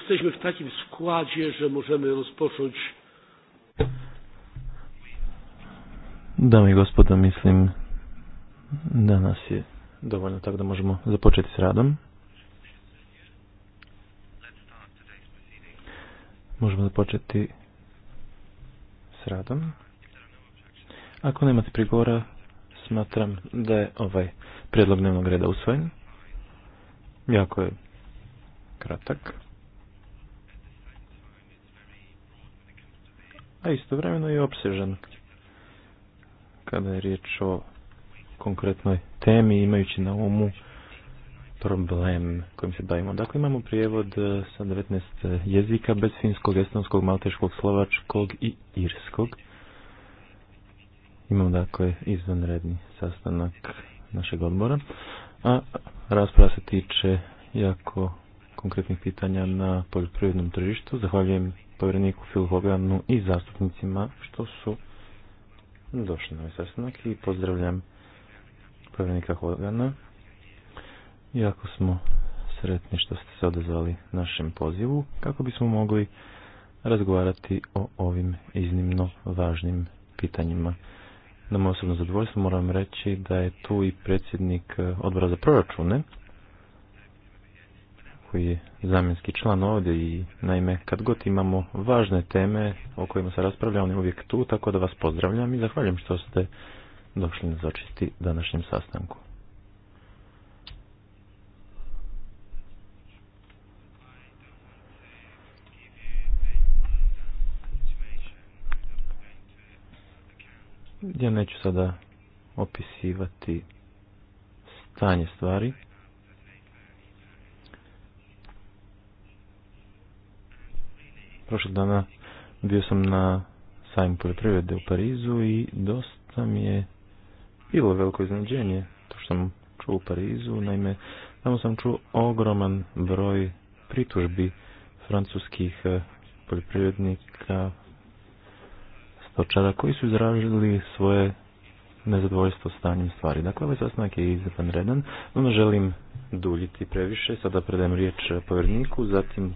jesteśmy w takim składzie, że możemy rozpocząć. Dami i myślę, mislim da nas je dovoljno tak da možemo započeti s radom. Možemo započeti s radom. Ako nemate prigovora, smatram da je ovaj predlog dnevnog reda usvojen. Jako je kratak. a istovremeno i opsežan kada je riječ o konkretnoj temi imajući na umu problem kojim se bavimo. Dakle, imamo prijevod e, sa 19 jezika bez finskog, estonskog, malteškog, slovačkog i irskog. Imamo dakle izvanredni sastanak našeg odbora. A rasprava se tiče jako konkretnih pitanja na poljoprivrednom tržištu. Zahvaljujem povjereniku Phil Hoganu i zastupnicima što su došli na ovaj sastanak i pozdravljam povjerenika Hogana. Jako smo sretni što ste se odazvali našem pozivu kako bismo mogli razgovarati o ovim iznimno važnim pitanjima. Na moje osobno zadovoljstvo moram reći da je tu i predsjednik odbora za proračune, koji je zamjenski član ovdje i naime kad god imamo važne teme o kojima se raspravlja on je uvijek tu tako da vas pozdravljam i zahvaljujem što ste došli na začisti današnjem sastanku. Ja neću sada opisivati stanje stvari. Prošle dana bio sam na sajmu poljoprivrede u Parizu i dosta mi je bilo veliko iznenađenje to što sam čuo u Parizu. Naime, tamo sam čuo ogroman broj pritužbi francuskih eh, poljoprivrednika, stočara koji su izražili svoje nezadovoljstvo stanjem stvari. Dakle, ovaj sastanak je izvanredan, no želim duljiti previše. Sada predajem riječ povjerniku, zatim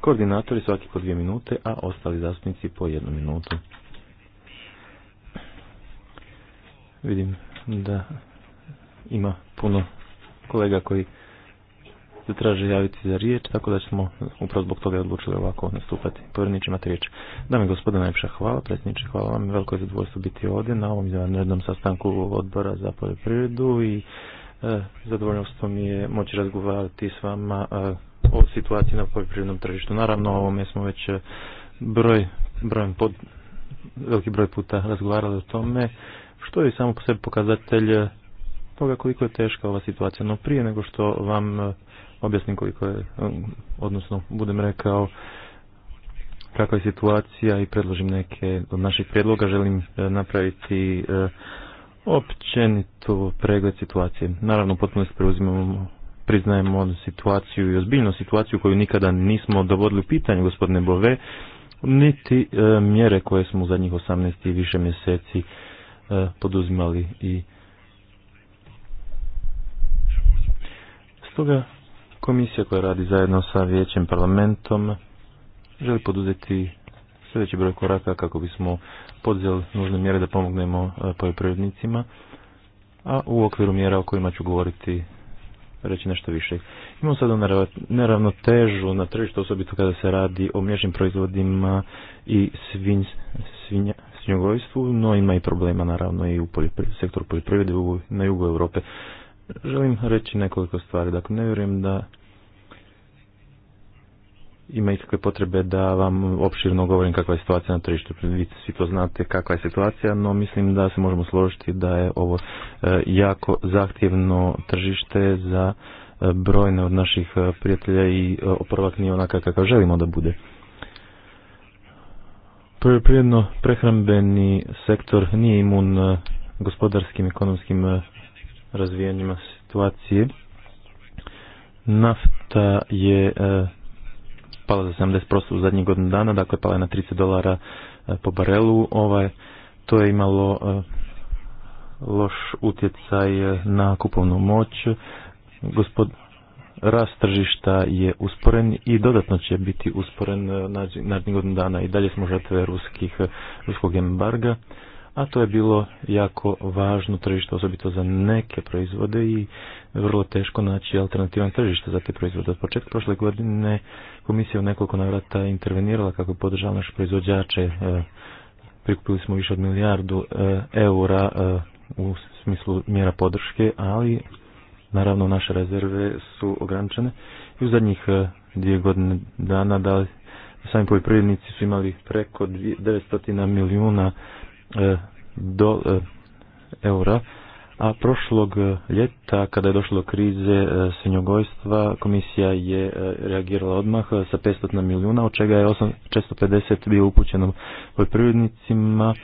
koordinatori svaki po dvije minute, a ostali zastupnici po jednu minutu. Vidim da ima puno kolega koji se traže javiti za riječ, tako da smo upravo zbog toga odlučili ovako nastupati. Povjernič imate riječ. Dame i gospodine, najpša hvala, predsjedniče, hvala vam, veliko je zadovoljstvo biti ovdje na ovom jednom sastanku odbora za poljoprivredu i E, Zadovoljstvo mi je moći razgovarati s vama e, o situaciji na poljoprivrednom tržištu. Naravno, o ovome smo već e, broj, broj pod, veliki broj puta razgovarali o tome, što je samo po sebi pokazatelj toga koliko je teška ova situacija. No prije nego što vam objasnim koliko je, odnosno budem rekao kakva je situacija i predložim neke od naših prijedloga, želim napraviti Općenito pregled situacije. Naravno, potpuno se preuzimamo priznajemo situaciju i ozbiljnu situaciju koju nikada nismo dovodili u pitanje, gospodine Bove, niti e, mjere koje smo u zadnjih 18 i više mjeseci e, poduzimali i stoga komisija koja radi zajedno sa vijećem parlamentom želi poduzeti sljedeći broj koraka kako bismo poduzeli nužne mjere da pomognemo e, poljoprivrednicima, a u okviru mjera o kojima ću govoriti reći nešto više. Imamo sada neravnotežu na tržištu, osobito kada se radi o mlječnim proizvodima i svinj, svinja, svinjogojstvu, no ima i problema naravno i u sektoru poljoprivrede na jugu Europe. Želim reći nekoliko stvari. Dakle, ne vjerujem da ima ikakve potrebe da vam opširno govorim kakva je situacija na tržištu. Vi svi to znate kakva je situacija, no mislim da se možemo složiti da je ovo e, jako zahtjevno tržište za e, brojne od naših e, prijatelja i oporovak nije onaka kakav želimo da bude. Prvoprijedno, prehrambeni sektor nije imun gospodarskim ekonomskim razvijanjima situacije. Nafta je pala za 70% u zadnjih godinu dana, dakle pala je na 30 dolara e, po barelu. Ovaj, to je imalo e, loš utjecaj e, na kupovnu moć. Gospod, rast tržišta je usporen i dodatno će biti usporen narednih godinu dana i dalje smo žrtve ruskih, ruskog embarga a to je bilo jako važno tržište, osobito za neke proizvode i vrlo teško naći alternativan tržište za te proizvode. Od početka prošle godine komisija u nekoliko navrata intervenirala kako je podržala naše proizvođače. E, prikupili smo više od milijardu e, eura e, u smislu mjera podrške, ali naravno naše rezerve su ograničene i u zadnjih dvije godine dana da sami poljoprivrednici su imali preko 900 milijuna E, do e, eura, a prošlog e, ljeta kada je došlo do krize svinjogojstva komisija je reagirala odmah sa 500 na milijuna, od čega je pedeset bio upućeno poljoprivrednicima,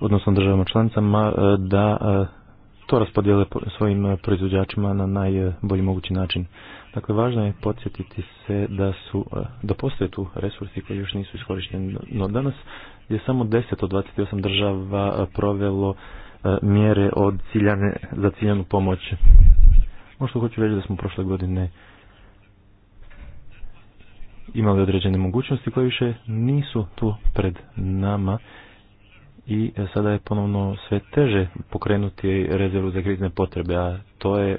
odnosno državama članicama, da to raspodijele svojim proizvođačima na najbolji mogući način. Dakle, važno je podsjetiti se da su, e, da postoje tu resursi koji još nisu iskorišteni. No danas je samo 10 od 28 država e, provelo e, mjere od ciljane, za ciljanu pomoć. Možda ono hoću reći da smo prošle godine imali određene mogućnosti koje više nisu tu pred nama i sada je ponovno sve teže pokrenuti rezervu za krizne potrebe, a to je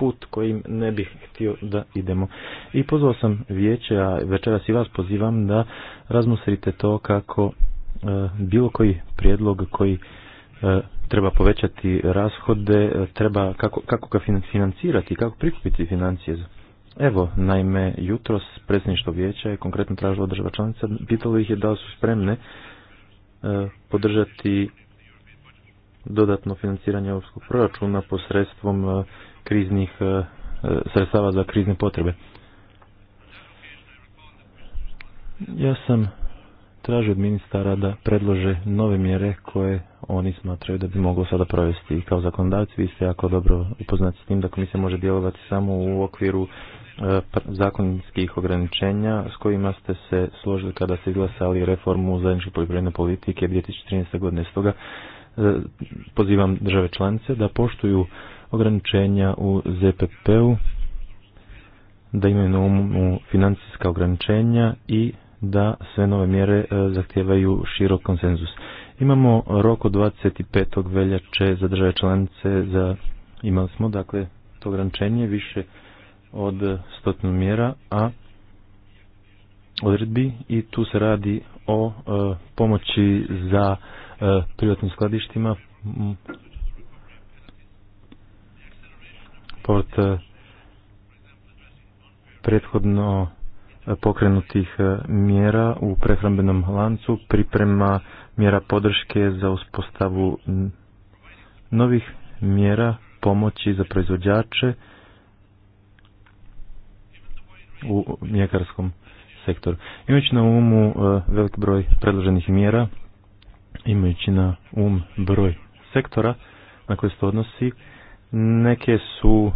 put kojim ne bih htio da idemo. I pozvao sam vijeće, a večeras i vas pozivam da razmusrite to kako e, bilo koji prijedlog koji e, treba povećati rashode, e, treba kako, kako ga financirati, kako prikupiti financije. Evo, naime, jutros predsjedništvo vijeća je konkretno tražilo država članica, pitalo ih je da su spremne podržati dodatno financiranje europskog proračuna posredstvom kriznih e, e, sredstava za krizne potrebe. Ja sam tražio od ministara da predlože nove mjere koje oni smatraju da bi moglo sada provesti i kao zakonodavci. Vi ste jako dobro upoznati s tim da komisija može djelovati samo u okviru e, pa, zakonskih ograničenja s kojima ste se složili kada ste izglasali reformu zajedničke poljoprivredne politike 2013. godine. Stoga pozivam države članice da poštuju ograničenja u ZPP-u, da imaju na umu financijska ograničenja i da sve nove mjere e, zahtijevaju širok konsenzus. Imamo rok od 25. veljače za države članice, za, imali smo dakle to ograničenje više od stotinu mjera, a odredbi i tu se radi o e, pomoći za e, privatnim skladištima povrat eh, prethodno eh, pokrenutih eh, mjera u prehrambenom lancu, priprema mjera podrške za uspostavu novih mjera pomoći za proizvođače u mljekarskom sektoru. Imajući na umu velik broj predloženih mjera, imajući na um broj sektora na koje se odnosi, neke su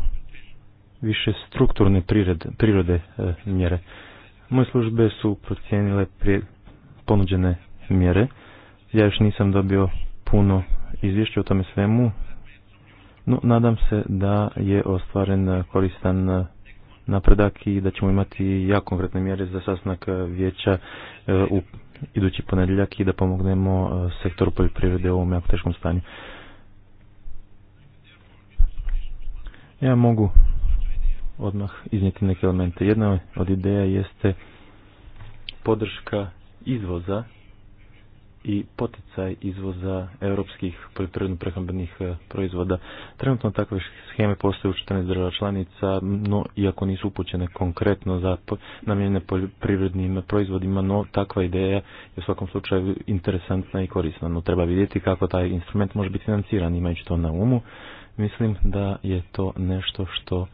više strukturne prirode, prirode e, mjere. Moje službe su procijenile ponuđene mjere. Ja još nisam dobio puno izvješća o tome svemu, no nadam se da je ostvaren koristan e, napredak i da ćemo imati jako konkretne mjere za sastanak e, vijeća u idući ponedjeljak i da pomognemo sektoru poljoprivrede u ovom jako teškom stanju. Ja mogu odmah iznijeti neke elemente. Jedna od ideja jeste podrška izvoza i poticaj izvoza europskih poljoprivredno prehrambenih e, proizvoda. Trenutno takve scheme postoje u 14 država članica, no iako nisu upućene konkretno za namjene poljoprivrednim proizvodima, no takva ideja je u svakom slučaju interesantna i korisna. No treba vidjeti kako taj instrument može biti financiran imajući to na umu. Mislim da je to nešto što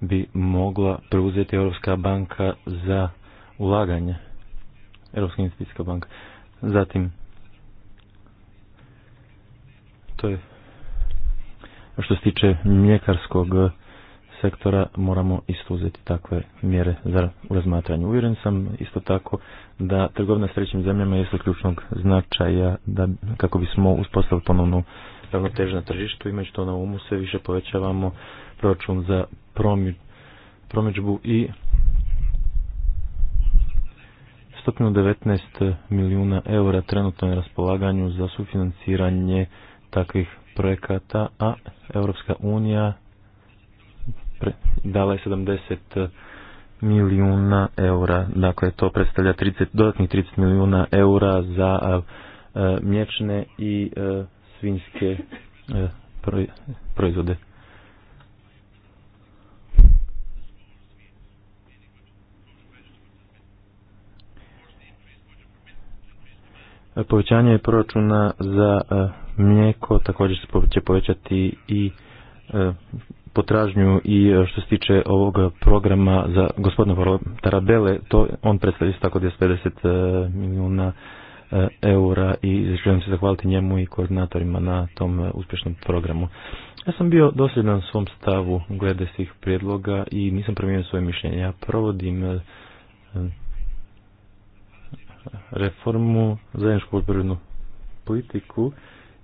bi mogla preuzeti Europska banka za ulaganje. Europska investicijska banka. Zatim, to je što se tiče mljekarskog sektora moramo isto uzeti takve mjere za razmatranje. Uvjeren sam isto tako da trgovina s trećim zemljama je ključnog značaja da, kako bismo uspostavili ponovnu ravnoteže na tržištu, imajući to na umu sve više povećavamo proračun za promidžbu i 119 milijuna eura trenutno je na raspolaganju za sufinansiranje takvih projekata, a Europska unija dala je 70 milijuna eura. Dakle, to predstavlja dodatnih 30 milijuna eura za mječne i svinjske e, proizvode. E, povećanje proračuna za e, mlijeko također će povećati i potražnju i što se tiče ovog programa za gospodina Tarabele, to on predstavlja tako 250 milijuna E, eura i želim se zahvaliti njemu i koordinatorima na tom e, uspješnom programu. Ja sam bio dosljedan svom stavu glede svih prijedloga i nisam promijenio svoje mišljenje. Ja provodim e, reformu zajedničku poljoprivrednu politiku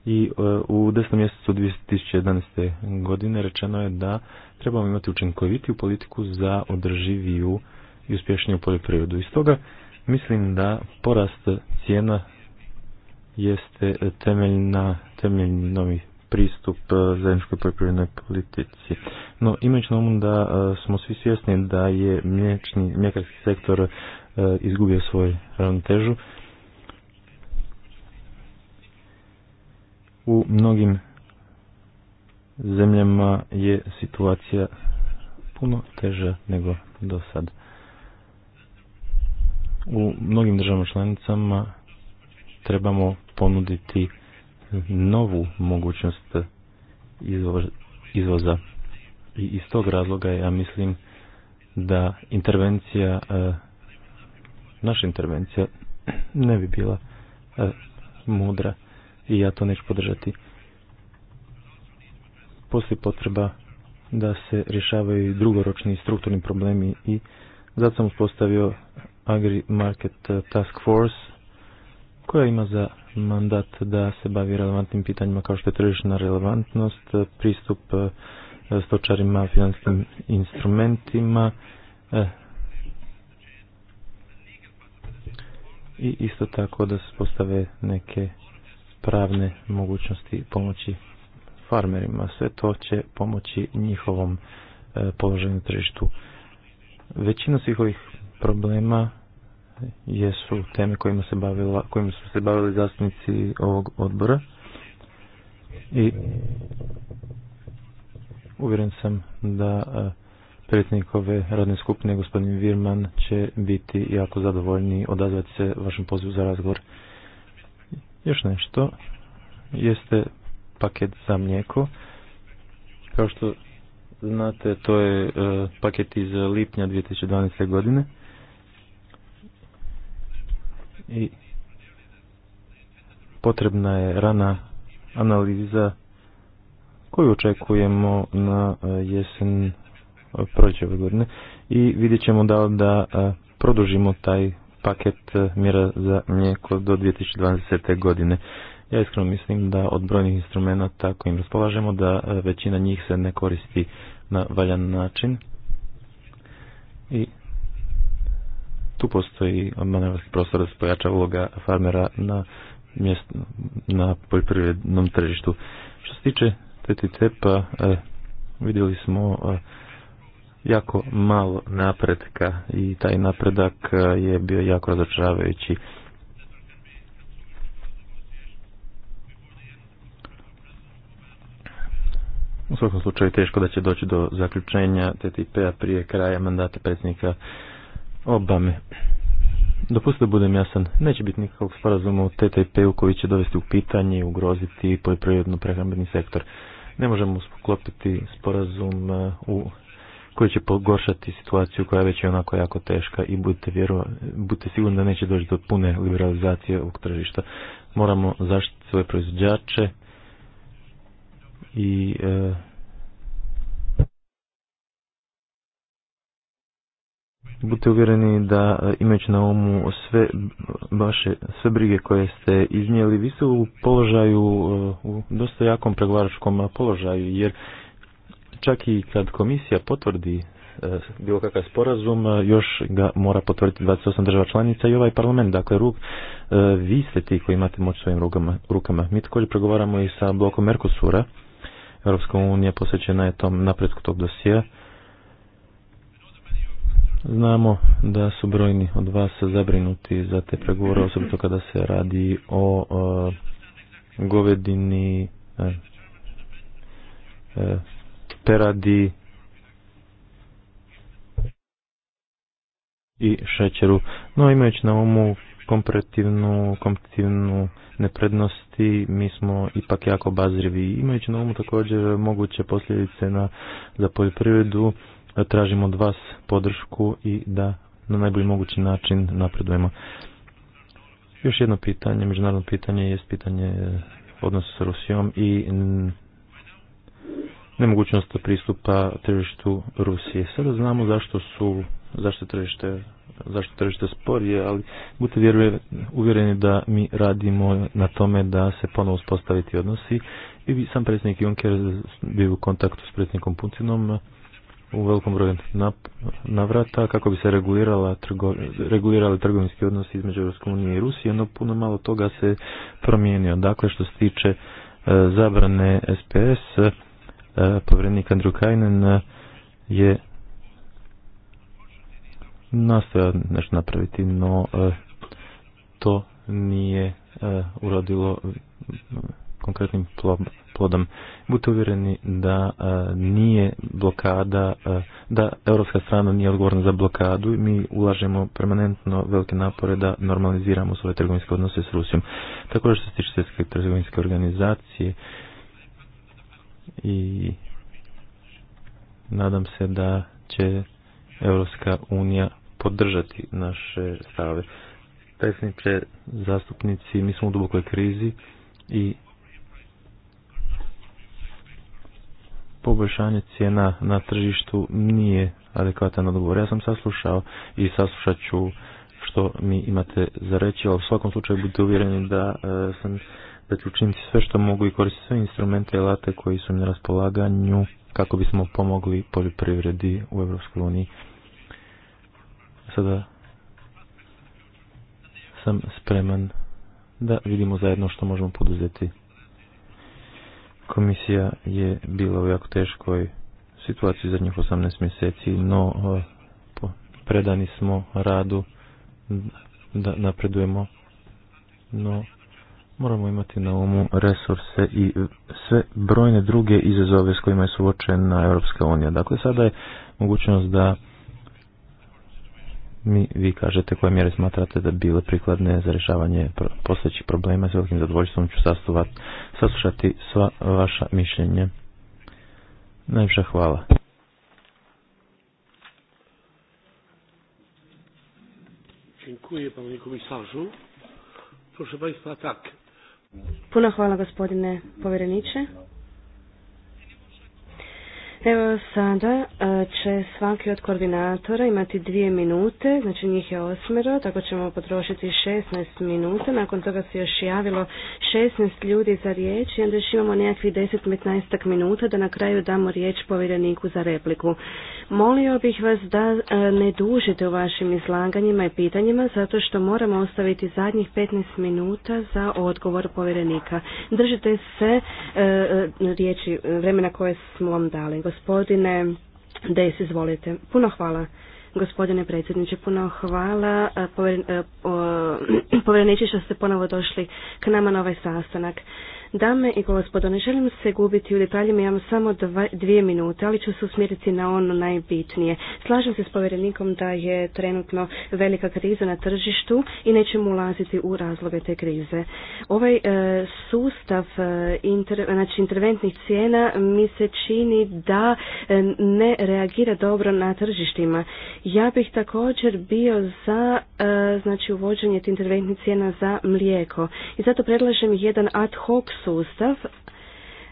i u desnom mjesecu 2011. godine rečeno je da trebamo imati učinkovitiju politiku za održiviju i uspješniju poljoprivredu. Iz toga Mislim da porast cijena jeste temeljna, temeljni novi pristup e, zajedničkoj poljoprivrednoj politici. No, imajući na umu da e, smo svi svjesni da je mlječni, mljekarski sektor e, izgubio svoju ravnotežu, u mnogim zemljama je situacija puno teža nego do sada u mnogim državama članicama trebamo ponuditi novu mogućnost izvoza. I iz tog razloga ja mislim da intervencija, e, naša intervencija ne bi bila e, mudra i ja to neću podržati. Poslije potreba da se rješavaju drugoročni strukturni problemi i zato sam uspostavio Agri Market eh, Task Force koja ima za mandat da se bavi relevantnim pitanjima kao što je tržišna relevantnost, eh, pristup eh, stočarima, financijskim instrumentima i isto tako da se postave neke pravne mogućnosti pomoći farmerima. Sve to će pomoći njihovom položaju tržištu. Većina svih ovih problema jesu teme kojima se bavila, kojima su se bavili zastupnici ovog odbora i uvjeren sam da e, predsjednik ove radne skupine gospodin Virman će biti jako zadovoljni odazvati se vašem pozivu za razgovor. Još nešto jeste paket za mlijeko. Kao što znate, to je e, paket iz lipnja 2012. godine i potrebna je rana analiza koju očekujemo na e, jesen e, prođe ove godine i vidjet ćemo da, da e, produžimo taj paket mjera za mlijeko do 2020. godine. Ja iskreno mislim da od brojnih instrumenta kojim raspolažemo da većina njih se ne koristi na valjan način i tu postoji manevarski prostor da se pojača uloga farmera na, na poljoprivrednom tržištu. Što se tiče TTIP-a, e, vidjeli smo e, jako malo napretka i taj napredak e, je bio jako razočaravajući. U svakom slučaju teško da će doći do zaključenja TTIP-a prije kraja mandata predsjednika Obame. Dopustite da budem jasan, neće biti nikakvog sporazuma u TTP-u koji će dovesti u pitanje i ugroziti poljoprivredno prehrambeni sektor. Ne možemo sklopiti sporazum e, u koji će pogoršati situaciju koja već je onako jako teška i budite, vjero, budite sigurni da neće doći do pune liberalizacije ovog tržišta. Moramo zaštiti svoje proizvođače i e, Budite uvjereni da e, imajući na umu sve vaše sve brige koje ste iznijeli, vi ste u položaju, e, u dosta jakom pregovaračkom položaju, jer čak i kad komisija potvrdi e, bilo kakav sporazum, još ga mora potvrditi 28 država članica i ovaj parlament. Dakle, ruk, vi ste ti koji imate moć svojim rukama. Mi također pregovaramo i sa blokom Mercosura. Europska unija posvećena je tom napretku tog dosija Znamo da su brojni od vas zabrinuti za te pregovore, osobito kada se radi o, govedini, e, e, peradi i šećeru. No imajući na umu komparativnu, komparativnu neprednosti, mi smo ipak jako bazrivi. Imajući na umu također moguće posljedice na, za poljoprivredu, da tražimo od vas podršku i da na najbolji mogući način napredujemo. Još jedno pitanje, međunarodno pitanje, je pitanje odnosa sa Rusijom i nemogućnost pristupa tržištu Rusije. Sada znamo zašto su, zašto tržište zašto tržište sporije, ali budite uvjereni da mi radimo na tome da se ponovo uspostaviti odnosi i sam predsjednik Juncker bio u kontaktu s predsjednikom Putinom u velikom broju navrata kako bi se regulirala regulirali trgovinski odnosi između Europske unije i Rusije, no puno malo toga se promijenio. Dakle, što se tiče e, zabrane SPS, e, povrednik Andrew Kajnen e, je nastojao nešto napraviti, no e, to nije urodilo konkretnim plodom plodom. Budite uvjereni da e, nije blokada, e, da europska strana nije odgovorna za blokadu i mi ulažemo permanentno velike napore da normaliziramo svoje trgovinske odnose s Rusijom. Također što se tiče svjetske trgovinske organizacije i nadam se da će Europska unija podržati naše stave. Predsjedniče, zastupnici, mi smo u dubokoj krizi i poboljšanje cijena na tržištu nije adekvatan odgovor. Ja sam saslušao i saslušat ću što mi imate za reći, ali u svakom slučaju budite uvjereni da e, sam da ću učiniti sve što mogu i koristiti sve instrumente i late koji su mi na raspolaganju kako bismo pomogli poljoprivredi u Europskoj uniji. Sada sam spreman da vidimo zajedno što možemo poduzeti. Komisija je bila u jako teškoj situaciji zadnjih 18 mjeseci, no e, predani smo radu da napredujemo, no moramo imati na umu resurse i sve brojne druge izazove s kojima je suočena Europska unija. Dakle, sada je mogućnost da mi vi kažete koje mjere smatrate da bile prikladne za rješavanje postojećih problema. S velikim zadovoljstvom ću saslušati sva vaša mišljenja. Najviše hvala. Dziękuję panie komisarzu. Proszę państwa, tak. Puno hvala gospodine povjereniče. Evo sada e, će svaki od koordinatora imati dvije minute, znači njih je osmero, tako ćemo potrošiti 16 minuta, nakon toga se još javilo 16 ljudi za riječ i onda još imamo nekakvih 10-15 minuta da na kraju damo riječ povjereniku za repliku. Molio bih vas da e, ne dužite u vašim izlaganjima i pitanjima zato što moramo ostaviti zadnjih 15 minuta za odgovor povjerenika. Držite se e, riječi vremena koje smo vam dali. Gospodine Des, izvolite. Puno hvala. Gospodine predsjedniče, puno hvala povjereniče što ste ponovo došli k nama na ovaj sastanak. Dame i gospodo, ne želim se gubiti u detaljima, imam samo dva, dvije minute, ali ću se usmjeriti na ono najbitnije. Slažem se s povjerenikom da je trenutno velika kriza na tržištu i nećemo ulaziti u razloge te krize. Ovaj e, sustav e, znači interventnih cijena mi se čini da e, ne reagira dobro na tržištima. Ja bih također bio za znači uvođenje interventnih cijena za mlijeko i zato predlažem jedan ad hoc sustav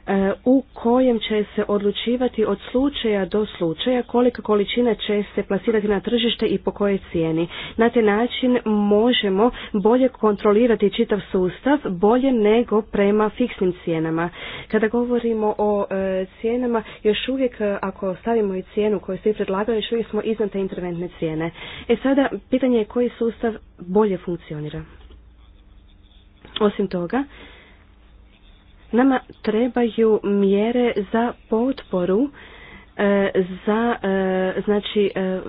e, u kojem će se odlučivati od slučaja do slučaja kolika količina će se plasirati na tržište i po kojoj cijeni. Na taj način možemo bolje kontrolirati čitav sustav, bolje nego prema fiksnim cijenama. Kada govorimo o e, cijenama, još uvijek e, ako stavimo i cijenu koju ste predlagali, još uvijek smo iznad te interventne cijene. E sada, pitanje je koji sustav bolje funkcionira. Osim toga, Nama trebaju mjere za potporu e, za e, znači e,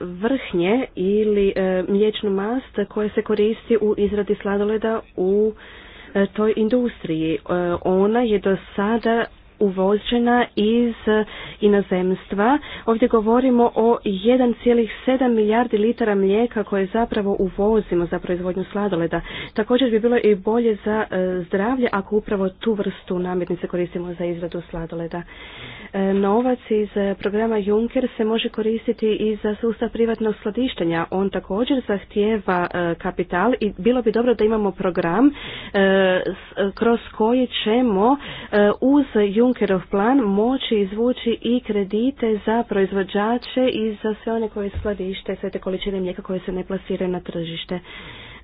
vrhnje ili mliječnu mast koja se koristi u izradi sladoleda u toj industriji. Ona je do sada uvožena iz inozemstva. Ovdje govorimo o 1,7 milijardi litara mlijeka koje zapravo uvozimo za proizvodnju sladoleda. Također bi bilo i bolje za e, zdravlje ako upravo tu vrstu namirnice koristimo za izradu sladoleda. E, novac iz e, programa Juncker se može koristiti i za sustav privatnog skladištenja. On također zahtijeva kapital i bilo bi dobro da imamo program kroz koji ćemo uz Juncker Junckerov plan moći izvući i kredite za proizvođače i za sve one koje skladište sve te količine mlijeka koje se ne plasiraju na tržište.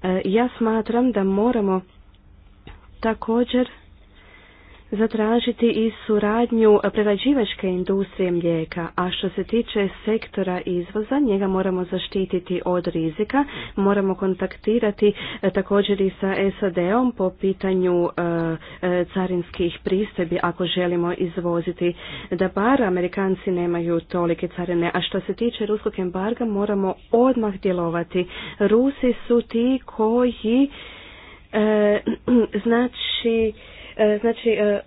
E, ja smatram da moramo također zatražiti i suradnju prerađivačke industrije mlijeka, a što se tiče sektora izvoza, njega moramo zaštititi od rizika, moramo kontaktirati e, također i sa SAD-om po pitanju e, e, carinskih pristebi ako želimo izvoziti da bar Amerikanci nemaju tolike carine, a što se tiče ruskog embarga moramo odmah djelovati. Rusi su ti koji znači E, znači, e,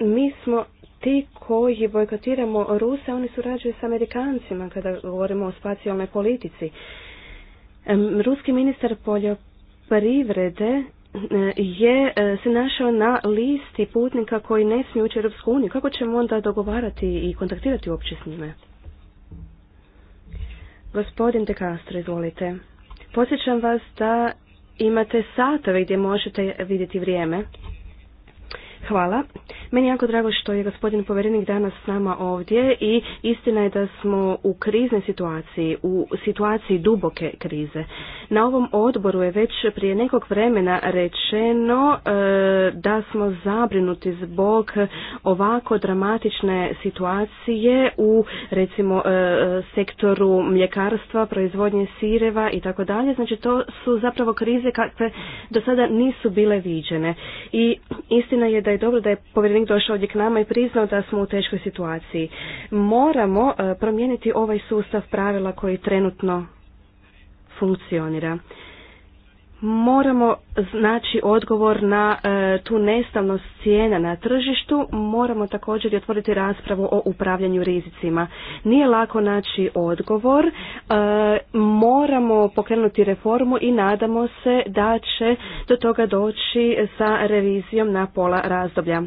mi smo ti koji bojkotiramo Ruse, oni surađuju s Amerikancima kada govorimo o spacijalnoj politici. Ruski ministar poljoprivrede e, je se našao na listi putnika koji ne smiju ući u Europsku uniju. Kako ćemo onda dogovarati i kontaktirati uopće s njime? Gospodin De Castro, izvolite. Posjećam vas da imate satove gdje možete vidjeti vrijeme. Hvala. Meni je jako drago što je gospodin povjerenik danas s nama ovdje i istina je da smo u kriznoj situaciji, u situaciji duboke krize. Na ovom odboru je već prije nekog vremena rečeno e, da smo zabrinuti zbog ovako dramatične situacije u recimo e, sektoru mljekarstva, proizvodnje sireva i tako dalje. Znači to su zapravo krize kakve do sada nisu bile viđene. I istina je da je dobro da je povjerenik došao ovdje k nama i priznao da smo u teškoj situaciji. Moramo e, promijeniti ovaj sustav pravila koji trenutno funkcionira moramo naći odgovor na e, tu nestavnost cijena na tržištu, moramo također i otvoriti raspravu o upravljanju rizicima. Nije lako naći odgovor, e, moramo pokrenuti reformu i nadamo se da će do toga doći sa revizijom na pola razdoblja.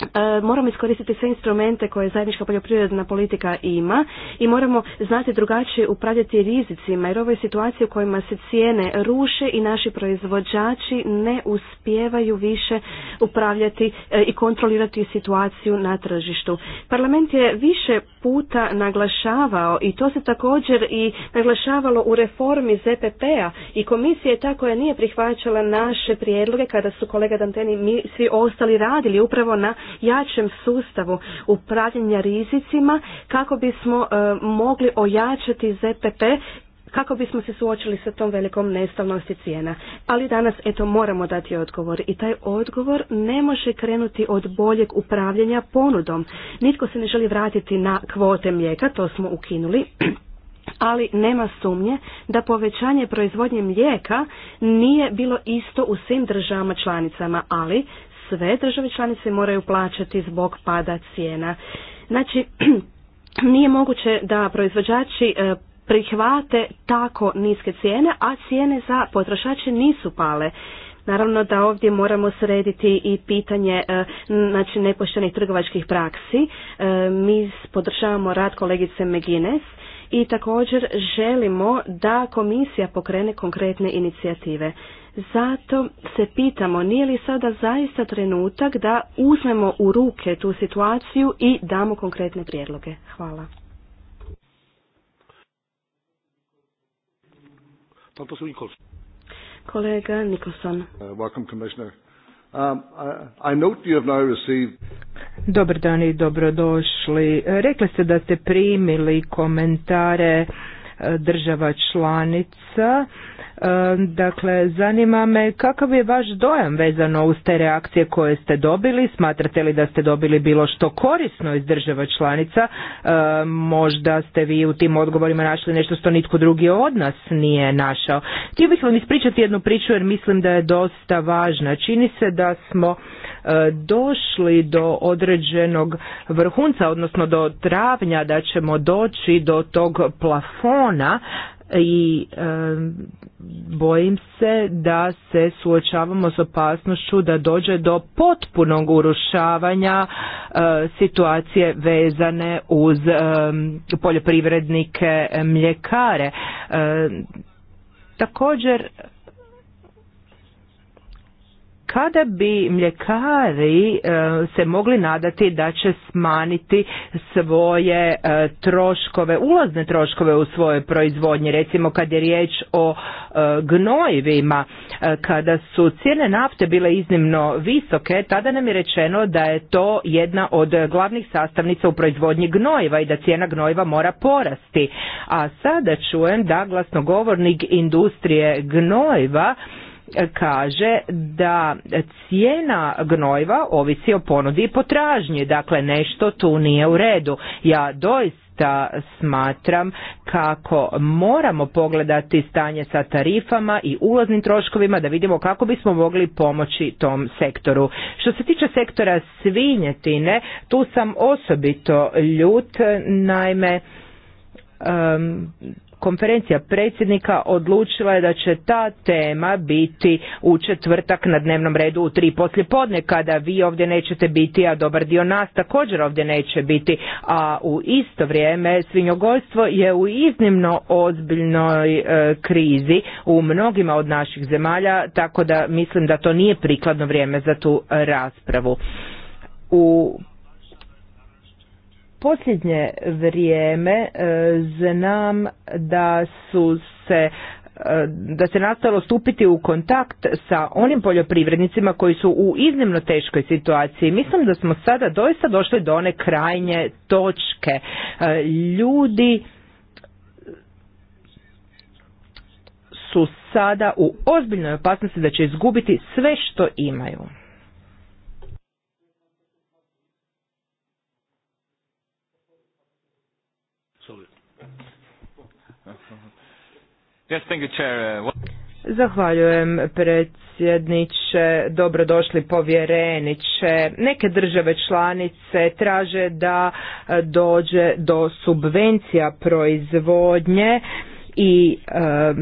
E, moramo iskoristiti sve instrumente koje zajednička poljoprivredna politika ima i moramo znati drugačije upravljati rizicima jer ovo je situacija u kojima se cijene ruše i naši proizvođači ne uspijevaju više upravljati e, i kontrolirati situaciju na tržištu. Parlament je više puta naglašavao i to se također i naglašavalo u reformi ZPP-a i Komisije je ta koja nije prihvaćala naše prijedloge kada su kolega Danteni mi svi ostali radili upravo na jačem sustavu upravljanja rizicima kako bismo e, mogli ojačati ZPP kako bismo se suočili sa tom velikom nestavnosti cijena. Ali danas, eto, moramo dati odgovor i taj odgovor ne može krenuti od boljeg upravljanja ponudom. Nitko se ne želi vratiti na kvote mlijeka, to smo ukinuli, ali nema sumnje da povećanje proizvodnje mlijeka nije bilo isto u svim državama članicama, ali sve države članice moraju plaćati zbog pada cijena. Znači, nije moguće da proizvođači e, prihvate tako niske cijene, a cijene za potrošače nisu pale. Naravno da ovdje moramo srediti i pitanje e, znači nepoštenih trgovačkih praksi. E, mi podržavamo rad kolegice Megines i također želimo da komisija pokrene konkretne inicijative. Zato se pitamo nije li sada zaista trenutak da uzmemo u ruke tu situaciju i damo konkretne prijedloge. Hvala. Kolega Nikolson. Uh, welcome, Um, I Dobar dan i dobrodošli. Rekli ste da ste primili komentare eh, država članica Dakle, zanima me kakav je vaš dojam vezano uz te reakcije koje ste dobili? Smatrate li da ste dobili bilo što korisno iz država članica? Možda ste vi u tim odgovorima našli nešto što nitko drugi od nas nije našao. Htio bih vam ispričati jednu priču jer mislim da je dosta važna. Čini se da smo e, došli do određenog vrhunca, odnosno do travnja da ćemo doći do tog plafona i e, bojim se da se suočavamo s opasnošću da dođe do potpunog urušavanja e, situacije vezane uz e, poljoprivrednike mljekare. Također kada bi mljekari e, se mogli nadati da će smanjiti svoje e, troškove, ulazne troškove u svoje proizvodnje, recimo kad je riječ o e, gnojivima, kada su cijene nafte bile iznimno visoke, tada nam je rečeno da je to jedna od glavnih sastavnica u proizvodnji gnojiva i da cijena gnojiva mora porasti. A sada čujem da glasnogovornik industrije gnojiva kaže da cijena gnojiva ovisi o ponudi i potražnji, dakle nešto tu nije u redu. Ja doista smatram kako moramo pogledati stanje sa tarifama i ulaznim troškovima da vidimo kako bismo mogli pomoći tom sektoru. Što se tiče sektora svinjetine, tu sam osobito ljut, naime konferencija predsjednika odlučila je da će ta tema biti u četvrtak na dnevnom redu u tri poslijepodne kada vi ovdje nećete biti, a dobar dio nas također ovdje neće biti, a u isto vrijeme svinjogojstvo je u iznimno ozbiljnoj e, krizi u mnogima od naših zemalja, tako da mislim da to nije prikladno vrijeme za tu e, raspravu. U posljednje vrijeme e, znam da su se e, da se nastalo stupiti u kontakt sa onim poljoprivrednicima koji su u iznimno teškoj situaciji. Mislim da smo sada doista došli do one krajnje točke. E, ljudi su sada u ozbiljnoj opasnosti da će izgubiti sve što imaju. Uh, Zahvaljujem predsjedniče, dobrodošli povjereniče. Neke države članice traže da e, dođe do subvencija proizvodnje i e,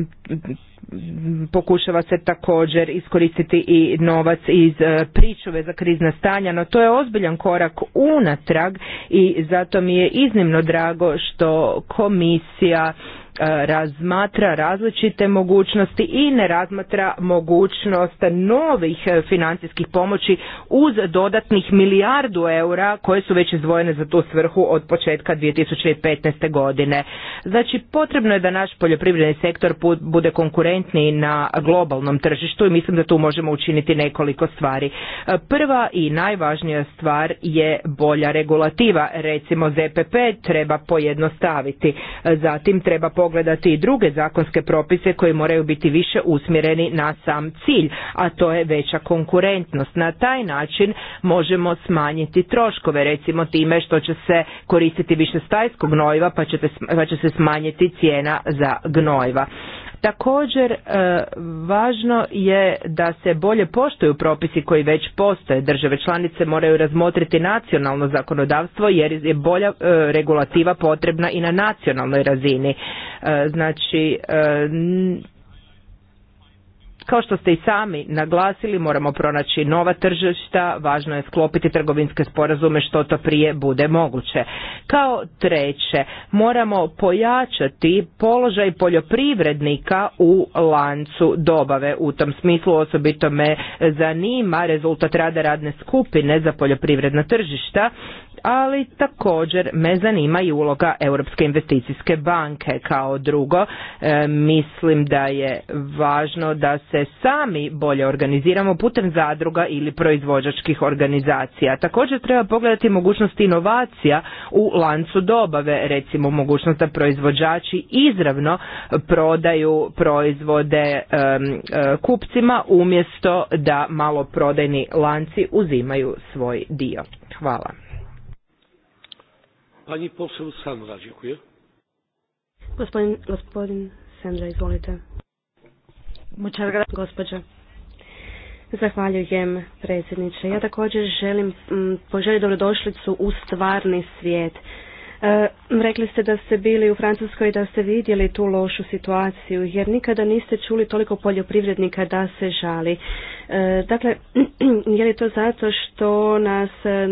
pokušava se također iskoristiti i novac iz e, pričuve za krizna stanja, no to je ozbiljan korak unatrag i zato mi je iznimno drago što komisija E, razmatra različite mogućnosti i ne razmatra mogućnost novih e, financijskih pomoći uz dodatnih milijardu eura koje su već izdvojene za tu svrhu od početka 2015. godine. Znači potrebno je da naš poljoprivredni sektor bude konkurentniji na globalnom tržištu i mislim da tu možemo učiniti nekoliko stvari. E, prva i najvažnija stvar je bolja regulativa. Recimo ZPP treba pojednostaviti, zatim treba pogledati i druge zakonske propise koji moraju biti više usmjereni na sam cilj, a to je veća konkurentnost. Na taj način možemo smanjiti troškove, recimo time što će se koristiti više stajskog gnojiva pa, pa će se smanjiti cijena za gnojiva. Također e, važno je da se bolje poštuju propisi koji već postoje. Države članice moraju razmotriti nacionalno zakonodavstvo jer je bolja e, regulativa potrebna i na nacionalnoj razini. E, znači kao što ste i sami naglasili, moramo pronaći nova tržišta, važno je sklopiti trgovinske sporazume što to prije bude moguće. Kao treće, moramo pojačati položaj poljoprivrednika u lancu dobave. U tom smislu osobito me zanima rezultat rada radne skupine za poljoprivredna tržišta, ali također me zanima i uloga Europske investicijske banke. Kao drugo, e, mislim da je važno da se sami bolje organiziramo putem zadruga ili proizvođačkih organizacija. Također treba pogledati mogućnost inovacija u lancu dobave, recimo mogućnost da proizvođači izravno prodaju proizvode e, kupcima umjesto da maloprodajni lanci uzimaju svoj dio. Hvala. Pani Sandra, dziękuję. Gospodin, gospodin Sandra, izvolite. Muchas gracias, gospođo. Zahvaljujem predsjedniče. Ja također želim mm, poželjeti dobrodošlicu u stvarni svijet. E, rekli ste da ste bili u Francuskoj i da ste vidjeli tu lošu situaciju, jer nikada niste čuli toliko poljoprivrednika da se žali. E, dakle, je li to zato što nas e,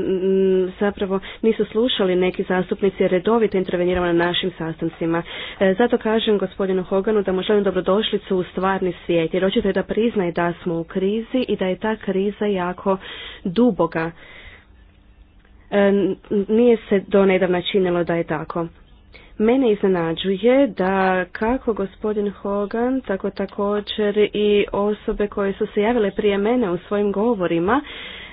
zapravo nisu slušali neki zastupnici redovito interveniramo na našim sastancima. E, zato kažem gospodinu Hoganu da mu želim dobrodošlicu u stvarni svijet jer očito je da priznaje da smo u krizi i da je ta kriza jako duboga. Nije se do nedavna činilo da je tako. Mene iznenađuje da kako gospodin Hogan, tako također i osobe koje su se javile prije mene u svojim govorima,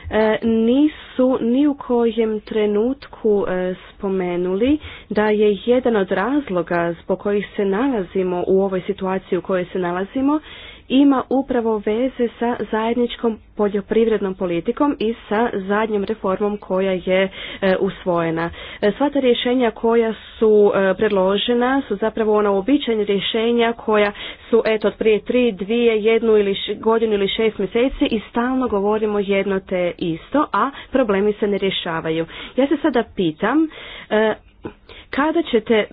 e, nisu ni u kojem trenutku e, spomenuli da je jedan od razloga zbog kojih se nalazimo u ovoj situaciji u kojoj se nalazimo ima upravo veze sa zajedničkom poljoprivrednom politikom i sa zadnjom reformom koja je e, usvojena. E, sva ta rješenja koja su e, predložena su zapravo ona običajna rješenja koja su eto prije tri, dvije, jednu ili godinu ili šest mjeseci i stalno govorimo jedno te isto, a problemi se ne rješavaju. Ja se sada pitam e, kada ćete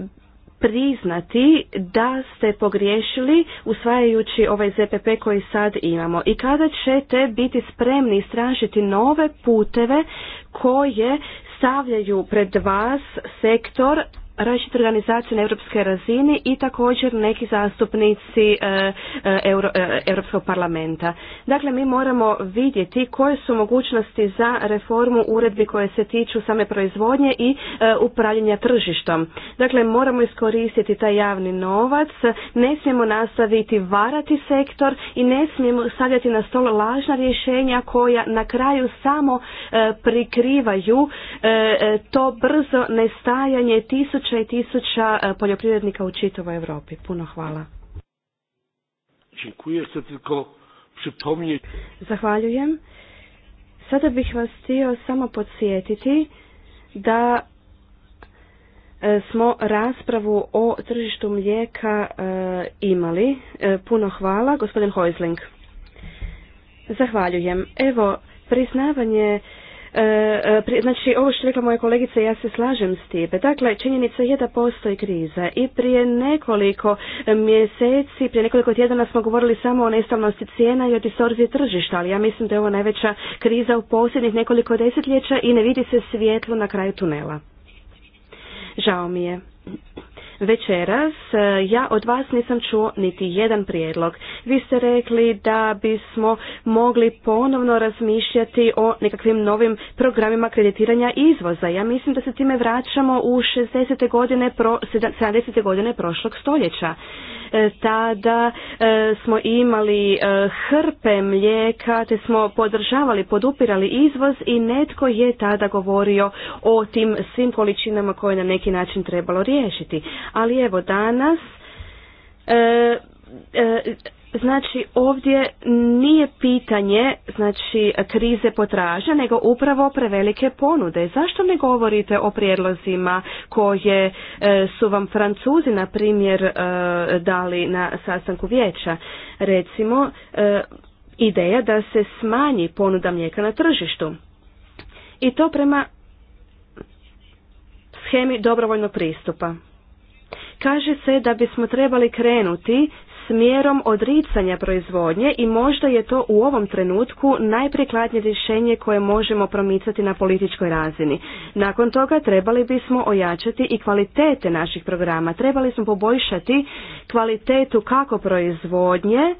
priznati da ste pogriješili usvajajući ovaj ZPP koji sad imamo i kada ćete biti spremni istražiti nove puteve koje stavljaju pred vas sektor različite organizacije na europskoj razini i također neki zastupnici e, e, Euro, e, Europskog parlamenta. Dakle, mi moramo vidjeti koje su mogućnosti za reformu uredbi koje se tiču same proizvodnje i upravljanja tržištom. Dakle, moramo iskoristiti taj javni novac, ne smijemo nastaviti varati sektor i ne smijemo stavljati na stol lažna rješenja koja na kraju samo prikrivaju to brzo nestajanje tisuća tisuća i tisuća e, poljoprivrednika u čitavoj Europi. Puno hvala. Zahvaljujem. Sada bih vas htio samo podsjetiti da e, smo raspravu o tržištu mlijeka e, imali. Puno hvala, gospodin Hojzling. Zahvaljujem. Evo, priznavanje E, e, znači, ovo što rekla moja kolegica, ja se slažem s time. Dakle, činjenica je da postoji kriza i prije nekoliko mjeseci, prije nekoliko tjedana smo govorili samo o nestavnosti cijena i o distorziji tržišta, ali ja mislim da je ovo najveća kriza u posljednjih nekoliko desetljeća i ne vidi se svjetlo na kraju tunela. Žao mi je. Večeras e, ja od vas nisam čuo niti jedan prijedlog. Vi ste rekli da bismo mogli ponovno razmišljati o nekakvim novim programima kreditiranja izvoza. Ja mislim da se time vraćamo u 60. godine, 70. godine prošlog stoljeća. E, tada e, smo imali hrpe mlijeka, te smo podržavali, podupirali izvoz i netko je tada govorio o tim svim količinama koje na neki način trebalo riješiti ali evo danas e, e, Znači ovdje nije pitanje znači krize potraže, nego upravo prevelike ponude. Zašto ne govorite o prijedlozima koje e, su vam Francuzi na primjer e, dali na sastanku vijeća? Recimo ideja da se smanji ponuda mlijeka na tržištu. I to prema schemi dobrovoljnog pristupa. Kaže se da bismo trebali krenuti smjerom odricanja proizvodnje i možda je to u ovom trenutku najprikladnije rješenje koje možemo promicati na političkoj razini. Nakon toga trebali bismo ojačati i kvalitete naših programa. Trebali smo poboljšati kvalitetu kako proizvodnje,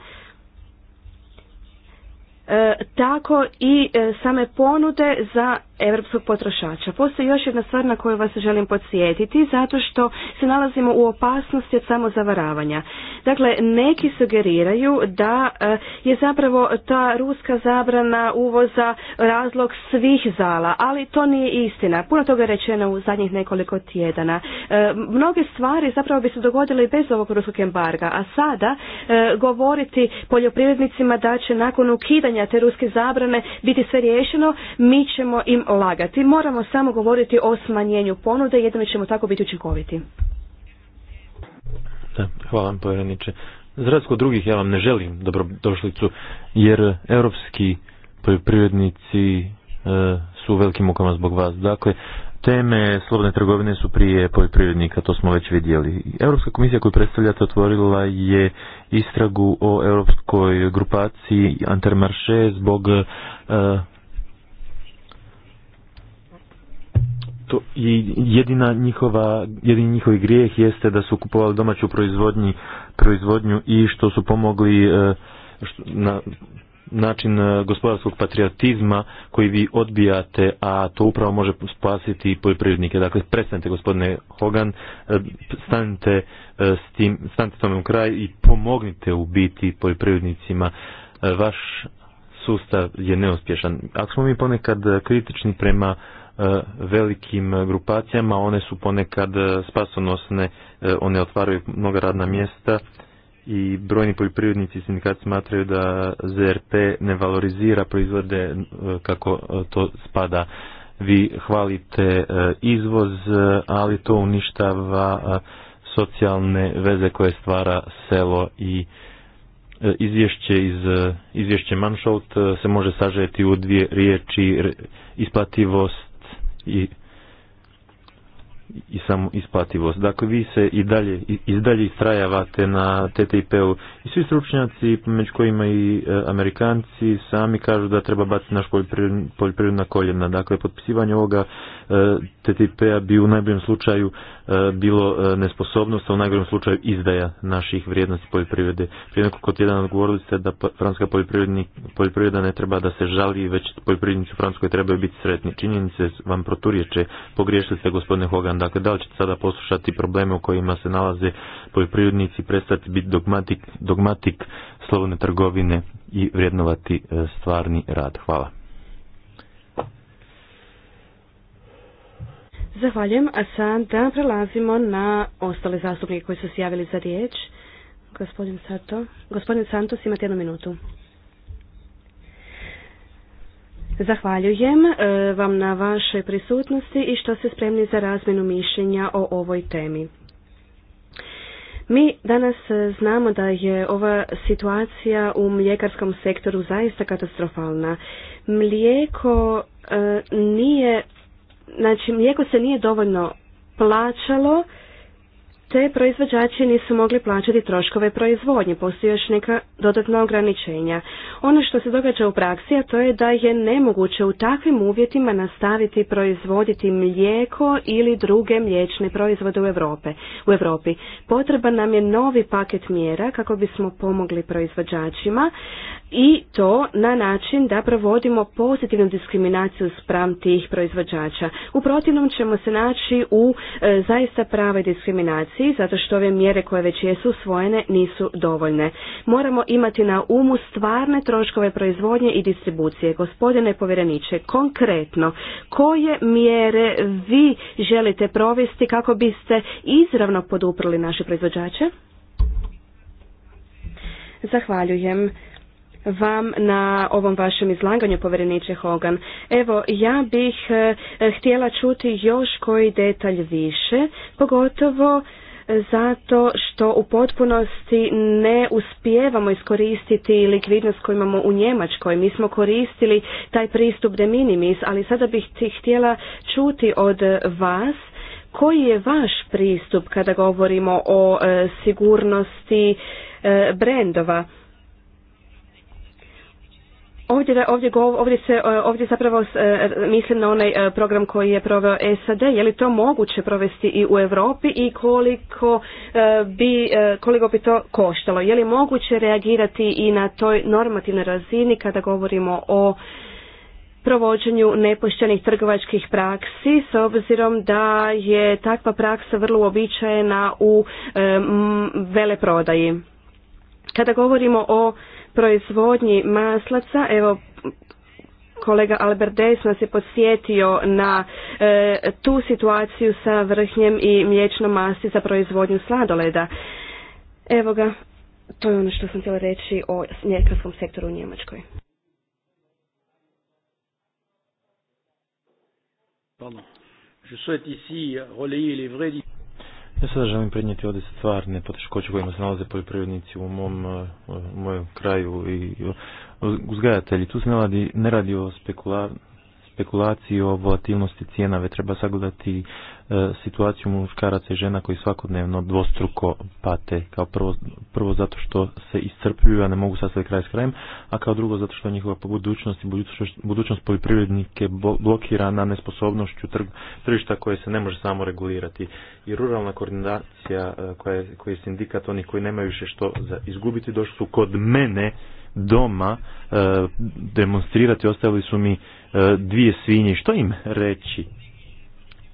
e, tako i e, same ponude za europskog potrošača. Postoji još jedna stvar na koju vas želim podsjetiti, zato što se nalazimo u opasnosti od samozavaravanja. Dakle, neki sugeriraju da e, je zapravo ta ruska zabrana uvoza razlog svih zala, ali to nije istina. Puno toga je rečeno u zadnjih nekoliko tjedana. E, mnoge stvari zapravo bi se dogodile i bez ovog ruskog embarga, a sada e, govoriti poljoprivrednicima da će nakon ukidanja te ruske zabrane biti sve riješeno, mi ćemo im lagati. Moramo samo govoriti o smanjenju ponude, jednom ćemo tako biti učinkoviti. Da, hvala vam povjereniče. Za razliku drugih ja vam ne želim dobrodošlicu jer europski poljoprivrednici e, su u velikim mukama zbog vas. Dakle, teme slobodne trgovine su prije poljoprivrednika, to smo već vidjeli. Europska komisija koju predstavljate otvorila je istragu o europskoj grupaciji Antermarše zbog e, to i jedina njihova, jedini njihovi grijeh jeste da su kupovali domaću proizvodnju i što su pomogli e, na način e, gospodarskog patriotizma koji vi odbijate, a to upravo može spasiti poljoprivrednike. Dakle, prestanite gospodine Hogan, e, stanite, s tim, stanite tome u kraj i pomognite u biti poljoprivrednicima. Vaš sustav je neuspješan. Ako smo mi ponekad kritični prema E, velikim grupacijama, one su ponekad e, spasonosne, e, one otvaraju mnoga radna mjesta i brojni poljoprivrednici i sindikati smatraju da ZRP ne valorizira proizvode kako to spada. Vi hvalite izvoz, ali to uništava socijalne veze koje stvara selo i izvješće iz izvješće Manšout se može sažeti u dvije riječi isplativost i i samo isplativost. Dakle, vi se i dalje, i dalje istrajavate na TTIP-u i svi stručnjaci, među kojima i e, Amerikanci, sami kažu da treba baciti naš poljoprivredna na koljena. Dakle, potpisivanje ovoga e, TTIP-a bi u najboljem slučaju e, bilo nesposobnost, a u najgorem slučaju izdaja naših vrijednosti poljoprivrede. Prije kod tjedana odgovorili ste da francuska poljoprivreda ne treba da se žali, već poljoprivrednici u Francuskoj trebaju biti sretni. Činjenice vam proturječe, pogriješili ste gospodine Hogan Dakle, da li ćete sada poslušati probleme u kojima se nalaze poljoprivrednici, prestati biti dogmatik, dogmatik trgovine i vrednovati e, stvarni rad? Hvala. Zahvaljujem, a sada prelazimo na ostale zastupnike koji su se javili za riječ. Gospodin, gospodin Santos, imate jednu minutu. Zahvaljujem e, vam na vašoj prisutnosti i što ste spremni za razmenu mišljenja o ovoj temi. Mi danas znamo da je ova situacija u mljekarskom sektoru zaista katastrofalna. Mlijeko e, nije, znači mlijeko se nije dovoljno plaćalo te proizvođači nisu mogli plaćati troškove proizvodnje, postoji još neka dodatna ograničenja. Ono što se događa u praksi, a to je da je nemoguće u takvim uvjetima nastaviti proizvoditi mlijeko ili druge mliječne proizvode u, Europe, u Europi. Potreban nam je novi paket mjera kako bismo pomogli proizvođačima i to na način da provodimo pozitivnu diskriminaciju spram tih proizvođača. U protivnom ćemo se naći u e, zaista pravoj diskriminaciji zato što ove mjere koje već jesu usvojene nisu dovoljne. Moramo imati na umu stvarne troškove proizvodnje i distribucije. Gospodine povjereniče, konkretno koje mjere vi želite provesti kako biste izravno poduprli naše proizvođače? Zahvaljujem vam na ovom vašem izlaganju, povjereniče Hogan. Evo, ja bih e, htjela čuti još koji detalj više, pogotovo e, zato što u potpunosti ne uspijevamo iskoristiti likvidnost koju imamo u Njemačkoj. Mi smo koristili taj pristup de minimis, ali sada bih htjela čuti od vas koji je vaš pristup kada govorimo o e, sigurnosti brendova. Ovdje, ovdje, ovdje, se, e, ovdje zapravo e, mislim na onaj e, program koji je proveo SAD. Je li to moguće provesti i u Europi i koliko bi, koliko bi to koštalo? Je li moguće reagirati i na toj normativnoj razini kada govorimo o provođenju nepoštenih trgovačkih praksi s obzirom da je takva praksa vrlo uobičajena u veleprodaji. Kada govorimo o proizvodnji maslaca. Evo, kolega Albert Des nas je podsjetio na e, tu situaciju sa vrhnjem i mliječnom masti za proizvodnju sladoleda. Evo ga, to je ono što sam htjela reći o mljekarskom sektoru u Njemačkoj. Pardon. Je ja sada želim prednijeti ovdje stvarne poteškoće kojima se nalaze poljoprivrednici u mom, eh, u mojem kraju i eh, uzgajatelji. Tu se ne radi, ne radi o spekular, špekulaciji o volatilnosti cijena, treba sagledati e, situaciju muškaraca i žena koji svakodnevno dvostruko pate. Kao prvo, prvo zato što se iscrpljuju, a ne mogu sastaviti kraj s krajem, a kao drugo zato što njihova budućnost i budućnost, budućnost poljoprivrednike blokirana nesposobnošću tržišta koje se ne može samo regulirati. I ruralna koordinacija e, koja je, koji je sindikat, oni koji nemaju više što za izgubiti, došli su kod mene doma e, demonstrirati, ostavili su mi E, dvije svinje, što im reći?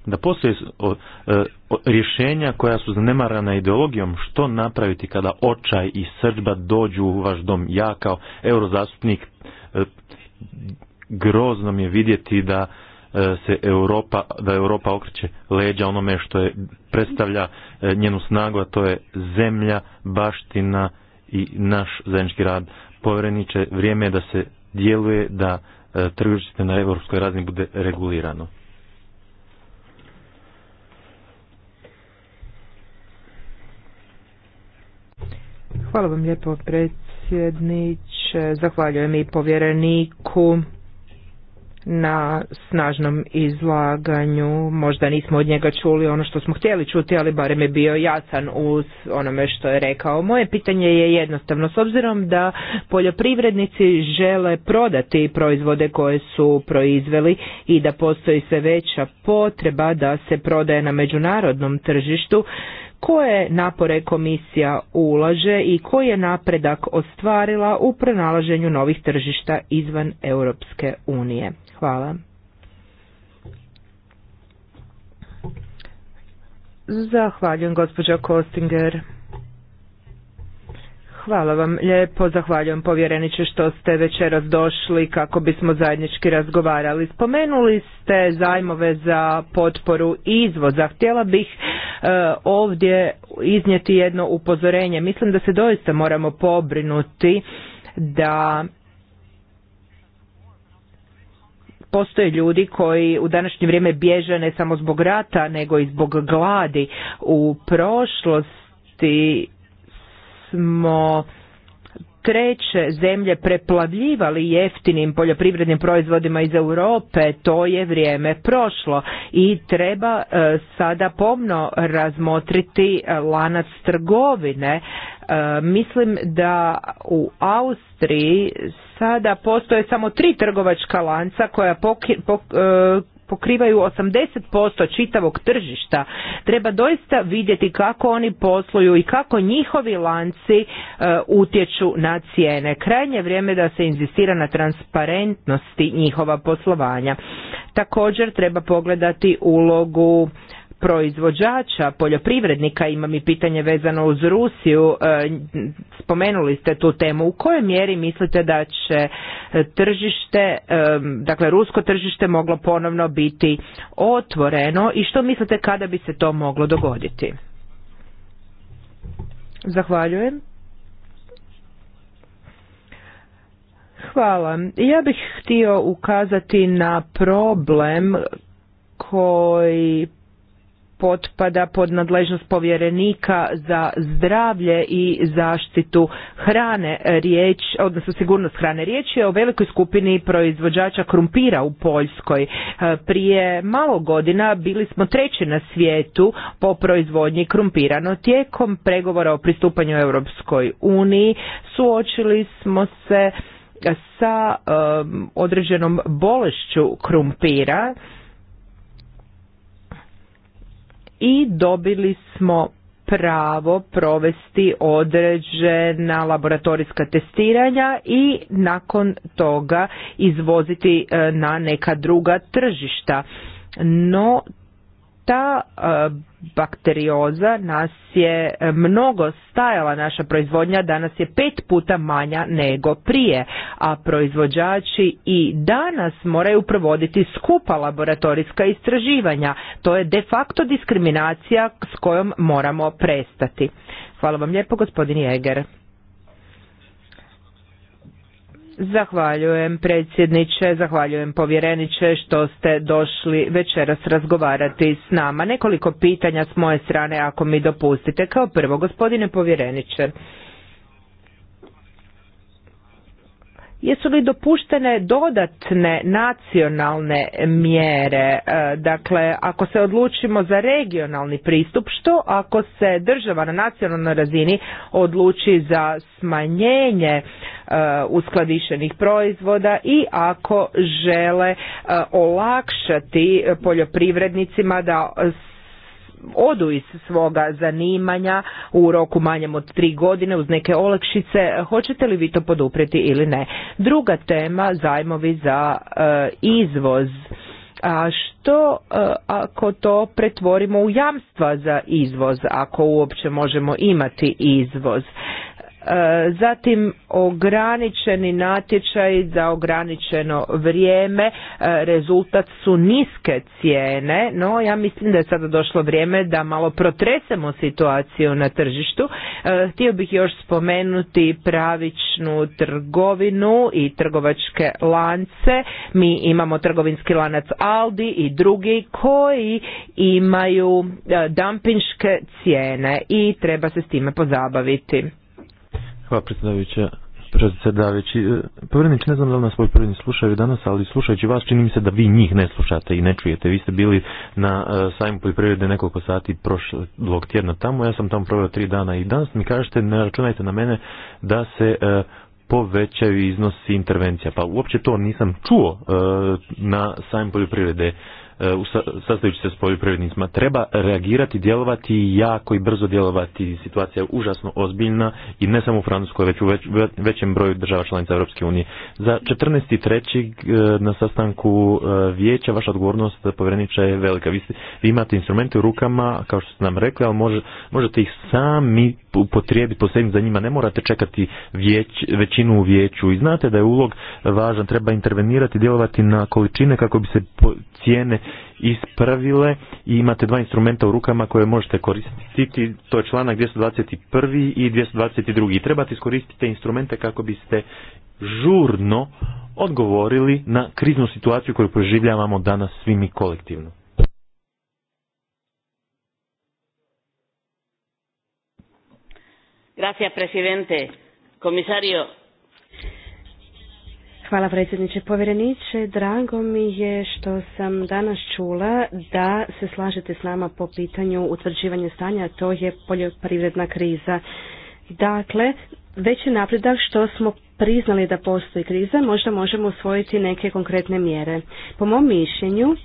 Da postoje e, rješenja koja su zanemarana ideologijom, što napraviti kada očaj i srđba dođu u vaš dom? Ja kao eurozastupnik e, grozno mi je vidjeti da se Europa, da Europa okreće leđa onome što je predstavlja njenu snagu, a to je zemlja, baština i naš zajednički rad. Povjereniče, vrijeme je da se djeluje, da E, tržište na europskoj razini bude regulirano. Hvala vam lijepo predsjedniče, zahvaljujem i povjereniku na snažnom izlaganju. Možda nismo od njega čuli ono što smo htjeli čuti, ali barem je bio jasan uz onome što je rekao. Moje pitanje je jednostavno. S obzirom da poljoprivrednici žele prodati proizvode koje su proizveli i da postoji sve veća potreba da se prodaje na međunarodnom tržištu, koje napore komisija ulaže i koji je napredak ostvarila u pronalaženju novih tržišta izvan Europske unije. Hvala. Zahvaljujem gospođa Kostinger. Hvala vam lijepo, zahvaljujem povjereniče što ste večeras došli kako bismo zajednički razgovarali. Spomenuli ste zajmove za potporu izvoza. Htjela bih e, ovdje iznijeti jedno upozorenje. Mislim da se doista moramo pobrinuti da postoje ljudi koji u današnje vrijeme bježe ne samo zbog rata nego i zbog gladi. U prošlosti smo treće zemlje preplavljivali jeftinim poljoprivrednim proizvodima iz Europe, to je vrijeme prošlo i treba e, sada pomno razmotriti e, lanac trgovine E, mislim da u Austriji sada postoje samo tri trgovačka lanca koja e, pokrivaju pok, pokrivaju 80% čitavog tržišta. Treba doista vidjeti kako oni posluju i kako njihovi lanci e, utječu na cijene. Krajnje vrijeme da se inzistira na transparentnosti njihova poslovanja. Također treba pogledati ulogu proizvođača, poljoprivrednika, imam i pitanje vezano uz Rusiju, e, spomenuli ste tu temu, u kojoj mjeri mislite da će e, tržište, e, dakle rusko tržište moglo ponovno biti otvoreno i što mislite kada bi se to moglo dogoditi? Zahvaljujem. Hvala. Ja bih htio ukazati na problem koji potpada pod nadležnost povjerenika za zdravlje i zaštitu hrane riječ, odnosno sigurnost hrane. Riječ je o velikoj skupini proizvođača krumpira u Poljskoj. E, prije malo godina bili smo treći na svijetu po proizvodnji krumpira, no tijekom pregovora o pristupanju Europskoj uniji suočili smo se sa e, određenom bolešću krumpira i dobili smo pravo provesti određena laboratorijska testiranja i nakon toga izvoziti e, na neka druga tržišta. No ta e, bakterioza nas je e, mnogo stajala naša proizvodnja, danas je pet puta manja nego prije, a proizvođači i danas moraju provoditi skupa laboratorijska istraživanja. To je de facto diskriminacija s kojom moramo prestati. Hvala vam lijepo gospodin Jeger. Zahvaljujem predsjedniče, zahvaljujem povjereniče što ste došli večeras razgovarati s nama. Nekoliko pitanja s moje strane ako mi dopustite. Kao prvo, gospodine povjereniče, Jesu li dopuštene dodatne nacionalne mjere? E, dakle, ako se odlučimo za regionalni pristup, što ako se država na nacionalnoj razini odluči za smanjenje e, uskladišenih proizvoda i ako žele e, olakšati poljoprivrednicima da odu iz svoga zanimanja u roku manjem od tri godine uz neke olakšice, hoćete li vi to poduprijeti ili ne? Druga tema, zajmovi za e, izvoz. A što e, ako to pretvorimo u jamstva za izvoz, ako uopće možemo imati izvoz? E, zatim ograničeni natječaj za ograničeno vrijeme, e, rezultat su niske cijene, no ja mislim da je sada došlo vrijeme da malo protresemo situaciju na tržištu. E, htio bih još spomenuti pravičnu trgovinu i trgovačke lance. Mi imamo trgovinski lanac Aldi i drugi koji imaju dampinške cijene i treba se s time pozabaviti. Hvala predsjedavajuća. Predsjedavajući, e, ne znam da li nas poljoprivredni slušaju danas, ali slušajući vas čini mi se da vi njih ne slušate i ne čujete. Vi ste bili na e, sajmu poljoprivrede nekoliko sati prošlog tjedna tamo, ja sam tamo proveo tri dana i danas mi kažete ne računajte na mene da se e, povećaju iznosi intervencija. Pa uopće to nisam čuo na sajmu poljoprivrede sastajući se s poljoprivrednicima. Treba reagirati, djelovati jako i brzo djelovati. Situacija je užasno ozbiljna i ne samo u Francuskoj, već u većem broju država članica Europske unije. Za 14.3. Eh, na sastanku eh, vijeća vaša odgovornost eh, povjereniča je velika. Vi, vi imate instrumente u rukama, kao što ste nam rekli, ali možete ih sami upotrijebiti, posebno za njima, ne morate čekati vijeć, većinu u vijeću i znate da je ulog važan, treba intervenirati, djelovati na količine kako bi se cijene ispravile i imate dva instrumenta u rukama koje možete koristiti, to je članak 221. i 222. I trebate iskoristiti te instrumente kako biste žurno odgovorili na kriznu situaciju koju proživljavamo danas svimi kolektivno. Gracias, presidente. Komisario. Hvala predsjedniče. Povjereniče, drago mi je što sam danas čula da se slažete s nama po pitanju utvrđivanja stanja, a to je poljoprivredna kriza. Dakle, već napredak što smo priznali da postoji kriza, možda možemo usvojiti neke konkretne mjere. Po mom mišljenju,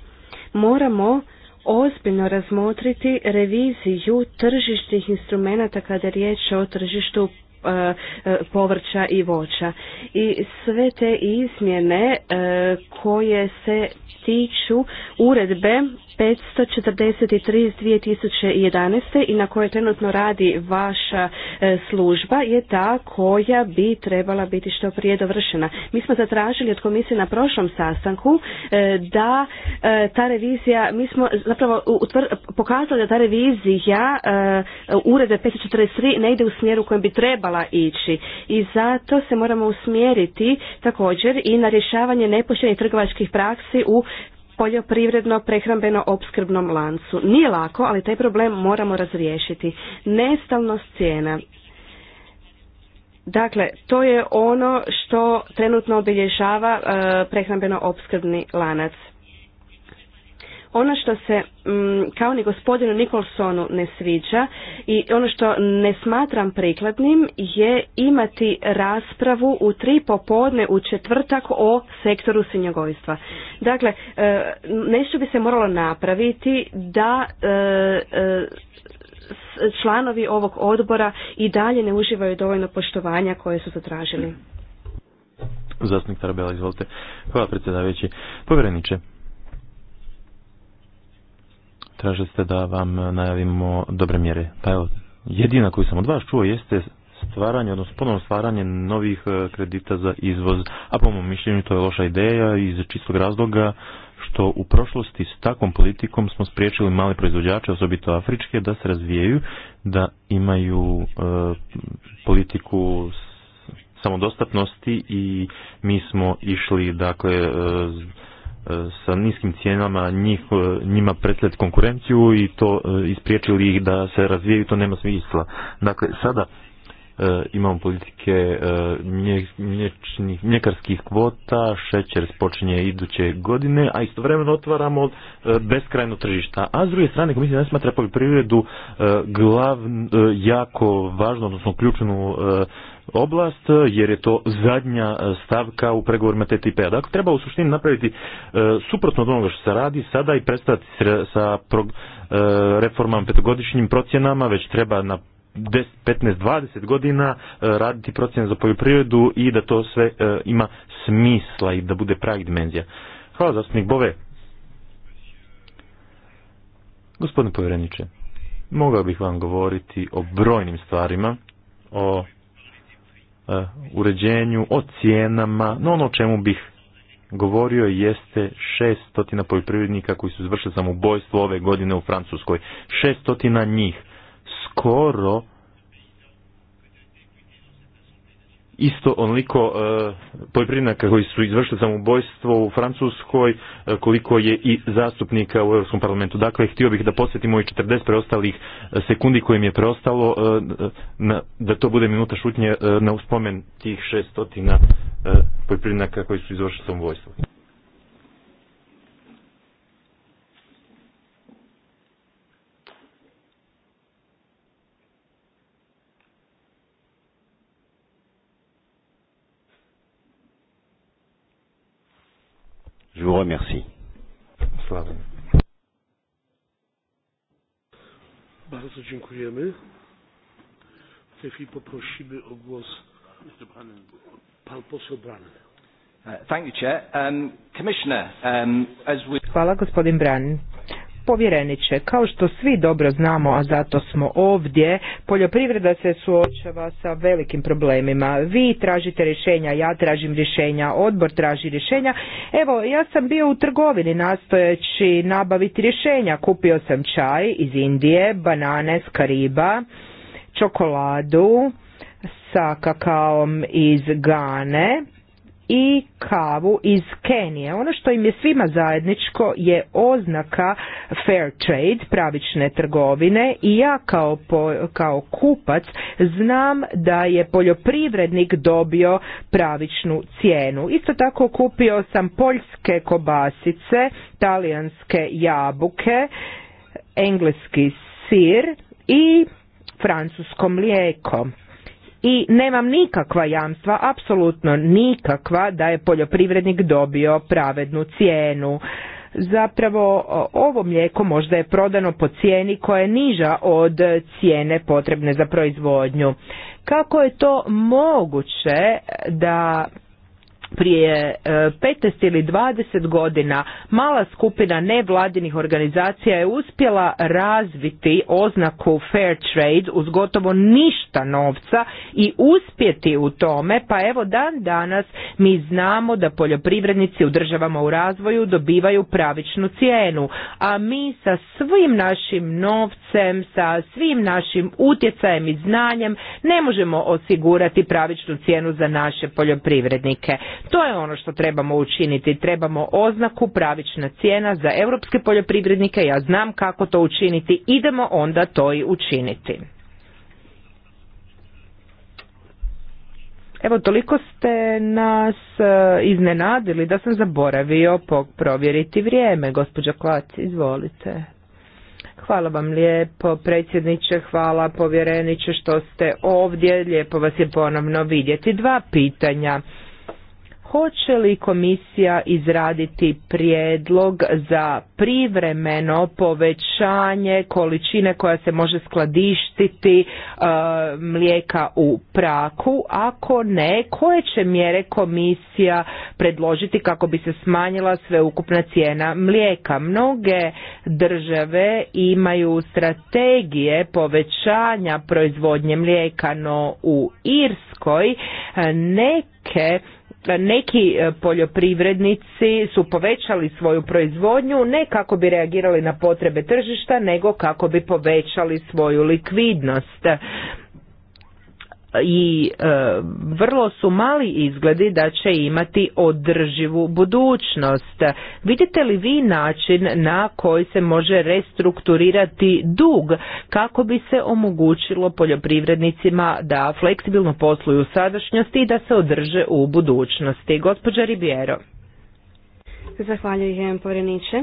moramo ozbiljno razmotriti reviziju tržišnih instrumenata kada je riječ o tržištu e, e, povrća i voća. I sve te izmjene e, koje se tiču uredbe 543 iz 2011. i na koje trenutno radi vaša e, služba je ta koja bi trebala biti što prije dovršena. Mi smo zatražili od komisije na prošlom sastanku e, da e, ta revizija, mi smo zapravo pokazali da ta revizija urede 543 ne ide u smjeru u kojem bi trebala ići i zato se moramo usmjeriti također i na rješavanje nepoštenih trgovačkih praksi u poljoprivredno prehrambeno opskrbnom lancu. Nije lako, ali taj problem moramo razriješiti. Nestalnost cijena. Dakle, to je ono što trenutno obilježava e, prehrambeno opskrbni lanac. Ono što se mm, kao ni gospodinu Nikolsonu ne sviđa i ono što ne smatram prikladnim je imati raspravu u tri popodne u četvrtak o sektoru svinjogojstva. Dakle, e, nešto bi se moralo napraviti da e, e, članovi ovog odbora i dalje ne uživaju dovoljno poštovanja koje su zatražili. Tarabela, izvolite. Povjereniče, tražili ste da vam najavimo dobre mjere. Pa evo, jedina koju sam od vas čuo jeste stvaranje, odnosno ponovno stvaranje novih e, kredita za izvoz, a po mom mišljenju to je loša ideja iz čistog razloga što u prošlosti s takvom politikom smo spriječili male proizvođače, osobito afričke, da se razvijaju, da imaju e, politiku samodostatnosti i mi smo išli dakle e, sa niskim cijenama njih, e, njima predstaviti konkurenciju i to e, ispriječili ih da se razvijaju, to nema smisla. Dakle, sada e, imamo politike mljekarskih kvota, šećer spočinje iduće godine, a istovremeno otvaramo beskrajno tržišta. A s druge strane komisija ne smatra poljoprivredu glav, jako važnu, odnosno ključnu oblast eh, jer je to zadnja eh, stavka u pregovorima TTIP-a. Dakle, treba u suštini napraviti eh, suprotno od onoga što se radi sada i prestati sa reformama petogodišnjim procjenama, već treba na 15-20 godina raditi procjene za poljoprivredu i da to sve ima smisla i da bude pravih dimenzija. Hvala zastupnik Bove. Gospodine povjereniče, mogao bih vam govoriti o brojnim stvarima, o E, uređenju, o cijenama, no ono o čemu bih govorio jeste 600 poljoprivrednika koji su izvršili samoubojstvo ove godine u Francuskoj. 600 njih. Skoro isto onoliko e, poljoprivrednika koji su izvršili samoubojstvo u Francuskoj e, koliko je i zastupnika u Europskom parlamentu. Dakle, htio bih da posjetimo i 40 preostalih e, sekundi kojim je preostalo da to bude minuta šutnje na uspomen tih 600 poljoprivrednika koji su izvršili samoubojstvo. Je vous remercie. Bardzo dziękujemy. W tej chwili poprosimy o głos pan poseł Uh, Thank you, Chair. Um, Commissioner, um, as we... Hvala, gospodin Branen. Povjereniče, kao što svi dobro znamo, a zato smo ovdje, poljoprivreda se suočava sa velikim problemima. Vi tražite rješenja, ja tražim rješenja, odbor traži rješenja. Evo, ja sam bio u trgovini nastojeći nabaviti rješenja. Kupio sam čaj iz Indije, banane s Kariba, čokoladu sa kakaom iz Gane i kavu iz Kenije. Ono što im je svima zajedničko je oznaka fair trade, pravične trgovine i ja kao, kao kupac znam da je poljoprivrednik dobio pravičnu cijenu. Isto tako kupio sam poljske kobasice, talijanske jabuke, engleski sir i francuskom mlijeko i nemam nikakva jamstva, apsolutno nikakva da je poljoprivrednik dobio pravednu cijenu. Zapravo ovo mlijeko možda je prodano po cijeni koja je niža od cijene potrebne za proizvodnju. Kako je to moguće da prije 15 e, ili 20 godina mala skupina nevladinih organizacija je uspjela razviti oznaku fair trade uz gotovo ništa novca i uspjeti u tome, pa evo dan danas mi znamo da poljoprivrednici u državama u razvoju dobivaju pravičnu cijenu, a mi sa svim našim novcem, sa svim našim utjecajem i znanjem ne možemo osigurati pravičnu cijenu za naše poljoprivrednike. To je ono što trebamo učiniti. Trebamo oznaku pravična cijena za europske poljoprivrednike. Ja znam kako to učiniti. Idemo onda to i učiniti. Evo, toliko ste nas e, iznenadili da sam zaboravio provjeriti vrijeme. Gospođa Klac, izvolite. Hvala vam lijepo, predsjedniče, hvala povjereniče što ste ovdje, lijepo vas je ponovno vidjeti. Dva pitanja hoće li komisija izraditi prijedlog za privremeno povećanje količine koja se može skladištiti e, mlijeka u praku, ako ne, koje će mjere komisija predložiti kako bi se smanjila sveukupna cijena mlijeka? Mnoge države imaju strategije povećanja proizvodnje mlijeka, no u Irskoj e, neke neki e, poljoprivrednici su povećali svoju proizvodnju ne kako bi reagirali na potrebe tržišta nego kako bi povećali svoju likvidnost i e, vrlo su mali izgledi da će imati održivu budućnost. Vidite li vi način na koji se može restrukturirati dug kako bi se omogućilo poljoprivrednicima da fleksibilno posluju u sadašnjosti i da se održe u budućnosti? Gospođa Ribiero. Zahvaljujem povjereniče.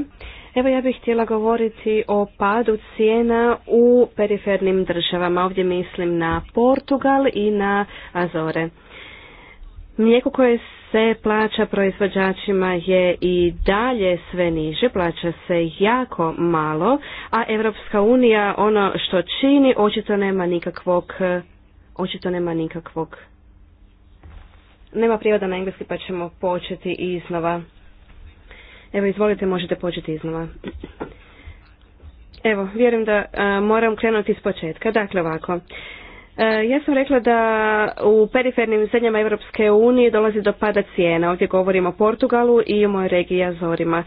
Evo ja bih htjela govoriti o padu cijena u perifernim državama. Ovdje mislim na Portugal i na Azore. Mlijeko koje se plaća proizvođačima je i dalje sve niže, plaća se jako malo, a Europska unija ono što čini očito nema nikakvog očito nema nikakvog nema prijevoda na engleski pa ćemo početi iznova. Evo, izvolite, možete početi iznova. Evo, vjerujem da moram krenuti s početka. Dakle, ovako. E, ja sam rekla da u perifernim zemljama Europske unije dolazi do pada cijena. Ovdje govorimo o Portugalu i o mojoj regiji Azorima.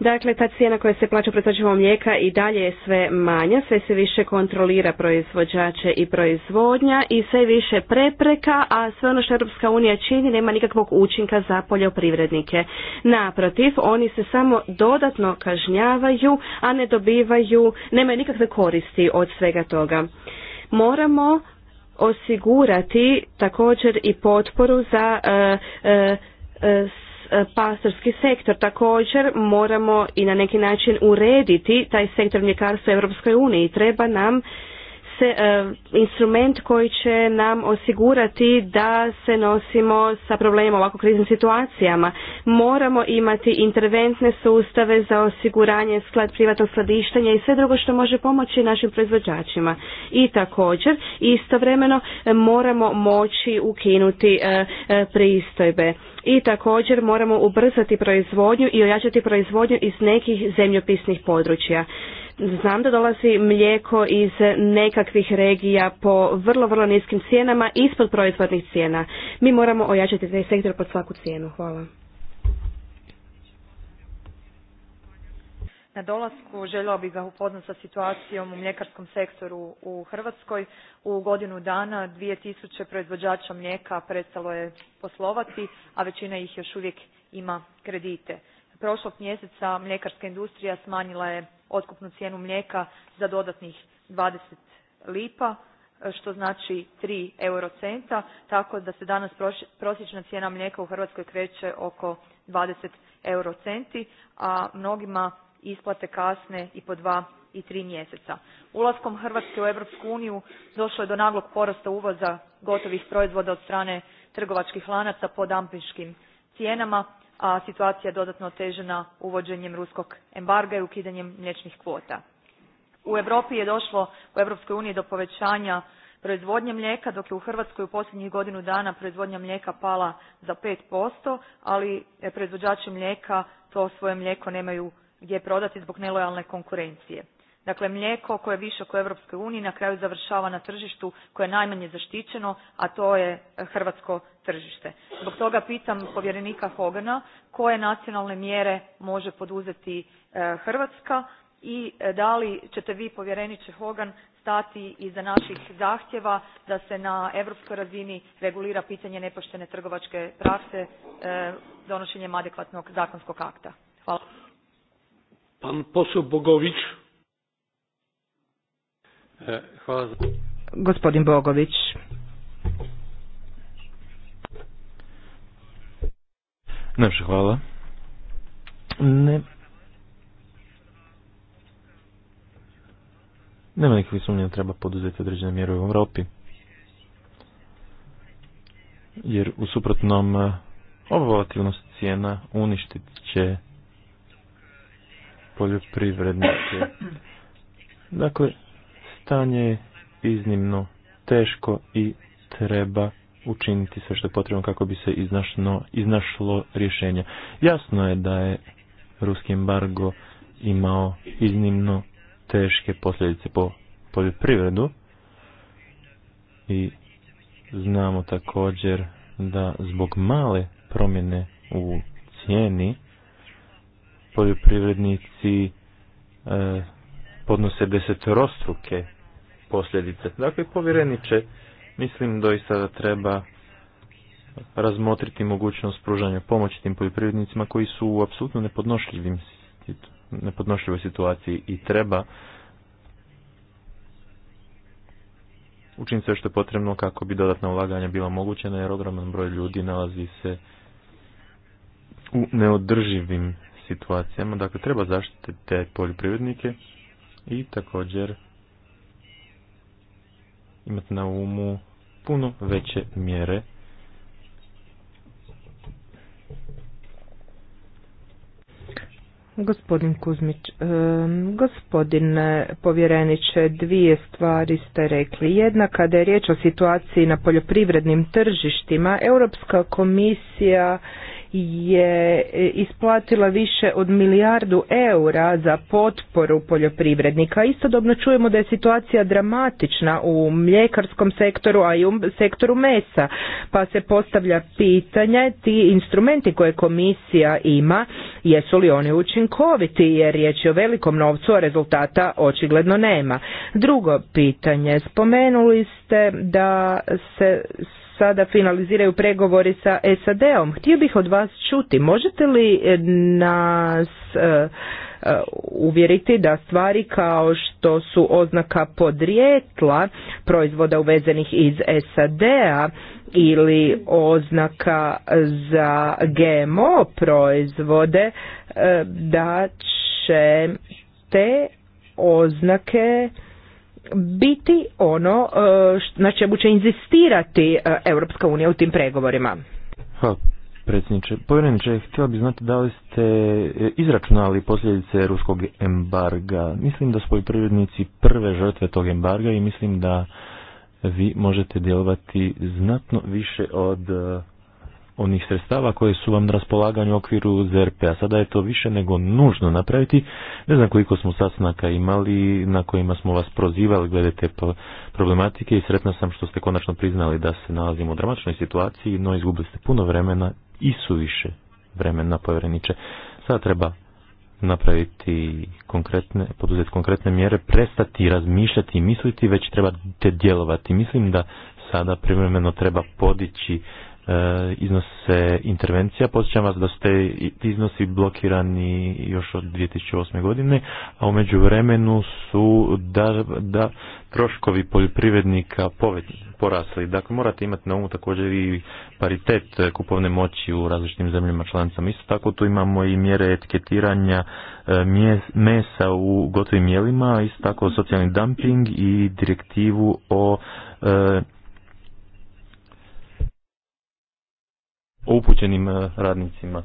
Dakle, ta cijena koja se plaća proizvođačima mlijeka i dalje je sve manja, sve se više kontrolira proizvođače i proizvodnja i sve više prepreka, a sve ono što Europska unija čini nema nikakvog učinka za poljoprivrednike. Naprotiv, oni se samo dodatno kažnjavaju, a ne dobivaju, nemaju nikakve koristi od svega toga. Moramo osigurati također i potporu za e, e, e, pastorski sektor. Također moramo i na neki način urediti taj sektor mljekarstva u Europskoj uniji. Treba nam se e, instrument koji će nam osigurati da se nosimo sa problemima ovako kriznim situacijama. Moramo imati interventne sustave za osiguranje sklad privatnog skladištenja i sve drugo što može pomoći našim proizvođačima. I također istovremeno e, moramo moći ukinuti e, pristojbe. I također moramo ubrzati proizvodnju i ojačati proizvodnju iz nekih zemljopisnih područja. Znam da dolazi mlijeko iz nekakvih regija po vrlo, vrlo niskim cijenama, ispod proizvodnih cijena. Mi moramo ojačati taj sektor pod svaku cijenu. Hvala. na dolasku željela bih ga upoznati sa situacijom u mljekarskom sektoru u hrvatskoj u godinu dana 2000 proizvođača mlijeka prestalo je poslovati a većina ih još uvijek ima kredite prošlog mjeseca mljekarska industrija smanjila je otkupnu cijenu mlijeka za dodatnih 20 lipa, e, što znači 3 eurocenta, tako da se danas prosječna cijena mlijeka u Hrvatskoj kreće oko 20 eurocenti, a mnogima isplate kasne i po dva i tri mjeseca. Ulaskom Hrvatske u Europsku uniju došlo je do naglog porasta uvoza gotovih proizvoda od strane trgovačkih lanaca po dampinškim cijenama, a situacija je dodatno otežana uvođenjem ruskog embarga i ukidanjem mliječnih kvota. U Europi je došlo u Europskoj uniji do povećanja proizvodnje mlijeka dok je u Hrvatskoj u posljednjih godinu dana proizvodnja mlijeka pala za posto ali e, proizvođači mlijeka to svoje mlijeko nemaju gdje prodati zbog nelojalne konkurencije. Dakle, mlijeko koje je višak u Europskoj uniji na kraju završava na tržištu koje je najmanje zaštićeno, a to je e, hrvatsko tržište. Zbog toga pitam povjerenika Hogana koje nacionalne mjere može poduzeti e, Hrvatska i e, da li ćete vi povjereniče Hogan stati iza naših zahtjeva da se na europskoj razini regulira pitanje nepoštene trgovačke prakse e, donošenjem adekvatnog zakonskog akta. Hvala. Pan Bogović. hvala Gospodin Bogović. hvala. Ne. Nema sumnje sumnja treba poduzeti određene mjere u Europi. Jer u suprotnom eh, obavativnost cijena uništit će poljoprivrednike. Dakle, stanje je iznimno teško i treba učiniti sve što je potrebno kako bi se iznašno, iznašlo rješenje. Jasno je da je ruski embargo imao iznimno teške posljedice po poljoprivredu i znamo također da zbog male promjene u cijeni poljoprivrednici e, podnose desetorostruke posljedice. Dakle, povjereniče, Mislim doista da treba razmotriti mogućnost pružanja pomoći tim poljoprivrednicima koji su u apsolutno nepodnošljivoj situaciji i treba učiniti sve što je potrebno kako bi dodatna ulaganja bila mogućena jer ogroman broj ljudi nalazi se u neodrživim situacijama. Dakle, treba zaštiti te poljoprivrednike i također imati na umu puno veće mjere Gospodin Kuzmić, gospodin povjereniče, dvije stvari ste rekli. Jedna kada je riječ o situaciji na poljoprivrednim tržištima, Europska komisija je isplatila više od milijardu eura za potporu poljoprivrednika. Istodobno čujemo da je situacija dramatična u mljekarskom sektoru, a i u sektoru mesa. Pa se postavlja pitanje ti instrumenti koje komisija ima, jesu li oni učinkoviti jer riječ je o velikom novcu, a rezultata očigledno nema. Drugo pitanje, spomenuli ste da se sada finaliziraju pregovori sa SAD-om. Htio bih od vas čuti, možete li e, nas e, e, uvjeriti da stvari kao što su oznaka podrijetla proizvoda uvezenih iz SAD-a ili oznaka za GMO proizvode da će te oznake biti ono e, na čemu će inzistirati e, Europska unija u tim pregovorima? Hvala predsjedniče. Povjereniče, htio bih znati da li ste e, izračunali posljedice ruskog embarga. Mislim da su poljoprivrednici prve žrtve tog embarga i mislim da vi možete djelovati znatno više od onih sredstava koje su vam na raspolaganju u okviru ZRP-a. Sada je to više nego nužno napraviti. Ne znam koliko smo sasnaka imali na kojima smo vas prozivali glede problematike i sretna sam što ste konačno priznali da se nalazimo u dramačnoj situaciji, no izgubili ste puno vremena i više vremena povjereniče. Sada treba napraviti konkretne, poduzeti konkretne mjere, prestati razmišljati i misliti, već treba te djelovati. Mislim da sada privremeno treba podići E, iznose intervencija. Posjećam vas da su te iznosi blokirani još od 2008. godine, a u međuvremenu su da, da troškovi poljoprivrednika porasli. Dakle, morate imati na umu također i paritet kupovne moći u različitim zemljama članicama. Isto tako tu imamo i mjere etiketiranja e, mesa u gotovim jelima, isto tako socijalni dumping i direktivu o e, upućenim e, radnicima.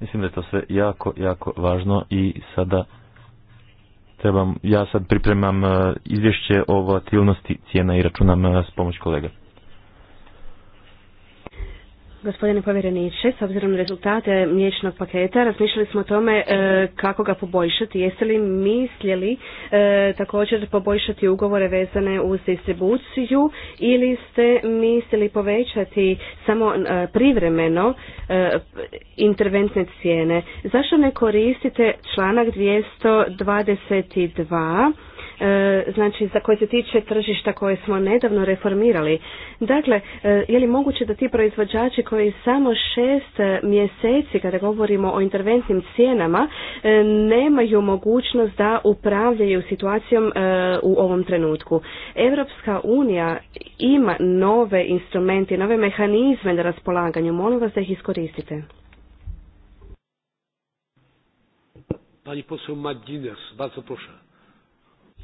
Mislim da je to sve jako, jako važno i sada trebam, ja sad pripremam e, izvješće o volatilnosti cijena i računam e, s pomoć kolega. Gospodine povjereniče, s obzirom na rezultate mliječnog paketa, razmišljali smo o tome e, kako ga poboljšati. Jeste li mislili e, također poboljšati ugovore vezane uz distribuciju ili ste mislili povećati samo e, privremeno e, interventne cijene? Zašto ne koristite članak 222 E, znači za koje se tiče tržišta koje smo nedavno reformirali. Dakle, e, je li moguće da ti proizvođači koji samo šest mjeseci kada govorimo o interventnim cijenama e, nemaju mogućnost da upravljaju situacijom u ovom trenutku. Europska unija ima nove instrumente, nove mehanizme na raspolaganju. Molim vas da ih iskoristite. Pani poseł bardzo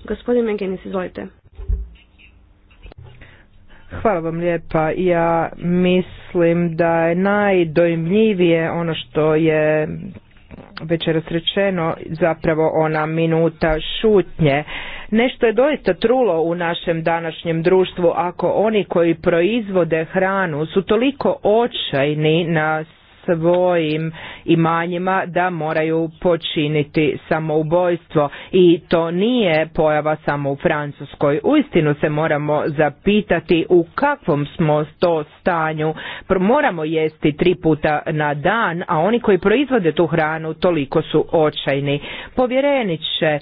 Gospodin Menkenis, izvolite. Hvala vam lijepa. Ja mislim da je najdojmljivije ono što je već rečeno zapravo ona minuta šutnje. Nešto je doista trulo u našem današnjem društvu ako oni koji proizvode hranu su toliko očajni na svojim imanjima da moraju počiniti samoubojstvo i to nije pojava samo u Francuskoj. Uistinu se moramo zapitati u kakvom smo to stanju. Moramo jesti tri puta na dan, a oni koji proizvode tu hranu toliko su očajni. Povjereniče,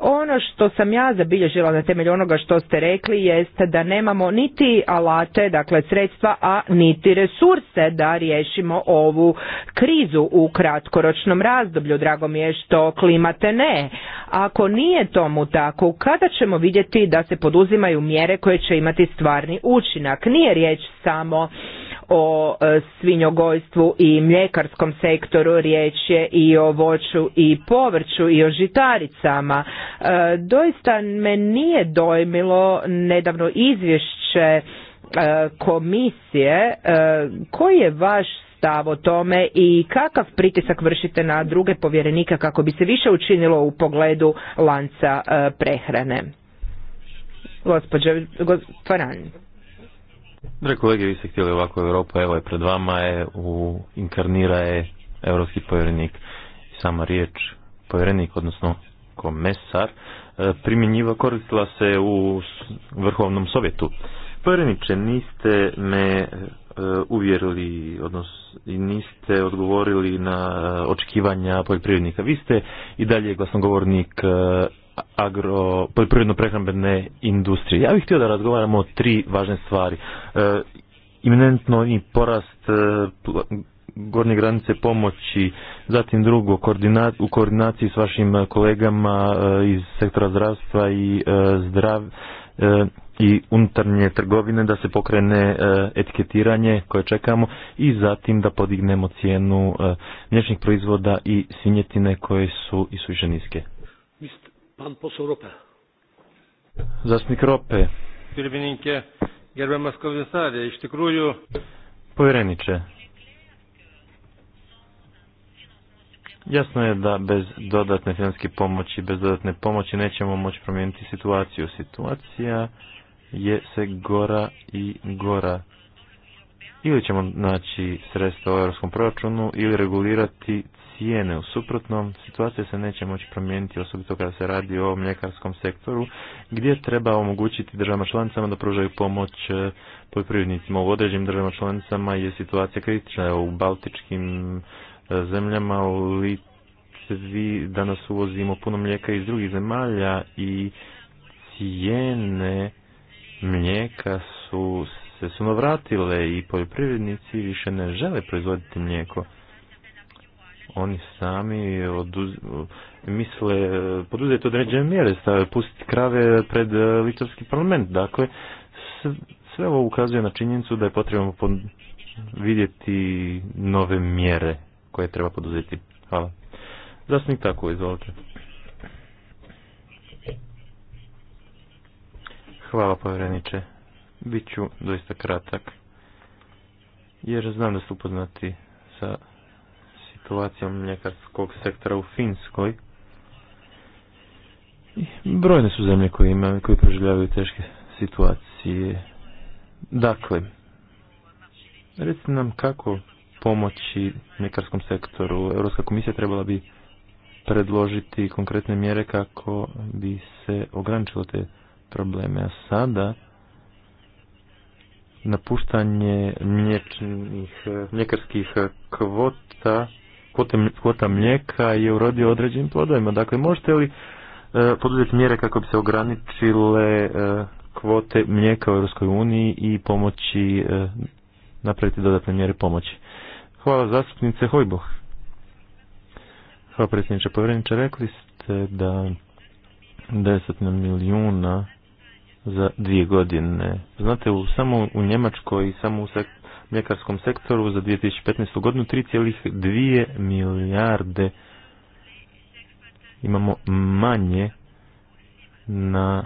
ono što sam ja zabilježila na temelju onoga što ste rekli jeste da nemamo niti alate, dakle sredstva, a niti resurse da riješimo ovu krizu u kratkoročnom razdoblju. Drago mi je što klimate ne. Ako nije tomu tako, kada ćemo vidjeti da se poduzimaju mjere koje će imati stvarni učinak? Nije riječ samo o e, svinjogojstvu i mljekarskom sektoru, riječ je i o voću i povrću i o žitaricama. E, doista me nije dojmilo nedavno izvješće e, komisije. Koji je vaš stav o tome i kakav pritisak vršite na druge povjerenike kako bi se više učinilo u pogledu lanca prehrane? Gospođa Faranj. Drage kolege, vi ste htjeli ovako Europa, evo je pred vama je, u, inkarnira je europski povjerenik. Sama riječ povjerenik, odnosno komesar, e, primjenjiva koristila se u Vrhovnom sovjetu. Povjereniče, niste me e, uvjerili, odnosno i niste odgovorili na e, očekivanja poljoprivrednika. Vi ste i dalje glasnogovornik agro, poljoprivredno prehrambene industrije. Ja bih htio da razgovaramo o tri važne stvari. E, iminentno i porast e, gornje granice pomoći, zatim drugo u koordinaciji s vašim kolegama e, iz sektora zdravstva i e, zdrav i unutarnje trgovine da se pokrene etiketiranje koje čekamo i zatim da podignemo cijenu mliječnih proizvoda i svinjetine koje su i suviše niske. Pan Rope. Rope. gerbiamas sadje, Povjereniče, Jasno je da bez dodatne financijske pomoći, bez dodatne pomoći nećemo moći promijeniti situaciju. Situacija je se gora i gora. Ili ćemo naći sredstva u europskom proračunu ili regulirati cijene. U suprotnom, situacija se neće moći promijeniti, osobito kada se radi o mljekarskom sektoru, gdje treba omogućiti državama članicama da pružaju pomoć e, poljoprivrednicima. U određenim državama članicama je situacija kritična. U baltičkim e, zemljama, u Litvi danas uvozimo puno mlijeka iz drugih zemalja i cijene mlijeka su se sunovratile i poljoprivrednici više ne žele proizvoditi mlijeko oni sami misle poduzeti određene mjere, stave, pustiti krave pred e, litovski parlament. Dakle, sve ovo ukazuje na činjenicu da je potrebno vidjeti nove mjere koje treba poduzeti. Hvala. zasnik tako, izvolite. Hvala povjereniče. Biću doista kratak, jer znam da su upoznati sa situacijom mljekarskog sektora u Finskoj. i Brojne su zemlje koje, ima, koje proživljavaju teške situacije. Dakle, recite nam kako pomoći mljekarskom sektoru. Europska komisija trebala bi predložiti konkretne mjere kako bi se ograničilo te probleme. A sada napuštanje mljekarskih kvota kvota mlijeka je urodio određenim plodovima. Dakle, možete li e, poduzeti mjere kako bi se ograničile e, kvote mlijeka u Europskoj uniji i pomoći e, napraviti dodatne mjere pomoći. Hvala zastupnice Hojboh. Hvala predsjedniče povjereniče. Rekli ste da 10 milijuna za dvije godine. Znate, u, samo u Njemačkoj i samo u mljekarskom sektoru za 2015. godinu 3,2 milijarde imamo manje na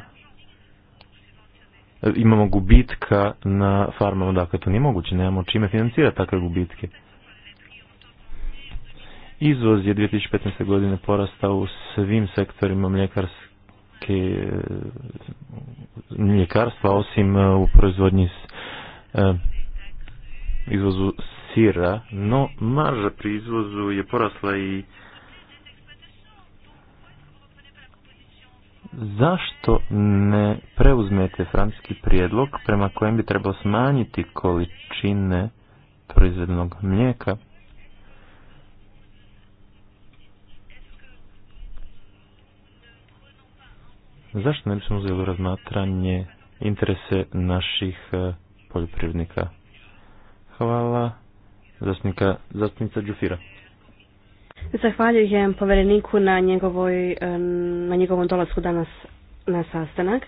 imamo gubitka na farmama, dakle to nije moguće, nemamo čime financirati takve gubitke. Izvoz je 2015. godine porastao u svim sektorima mljekarske mljekarstva, osim eh, u proizvodnji s, eh, izvozu sira, no marža pri izvozu je porasla i zašto ne preuzmete francuski prijedlog prema kojem bi trebalo smanjiti količine proizvednog mlijeka? Zašto ne bismo uzeli razmatranje interese naših eh, poljoprivrednika? Hvala. Zastupnika, zastupnica Đufira. Zahvaljujem povereniku na, njegovoj, e, na njegovom dolasku danas na sastanak.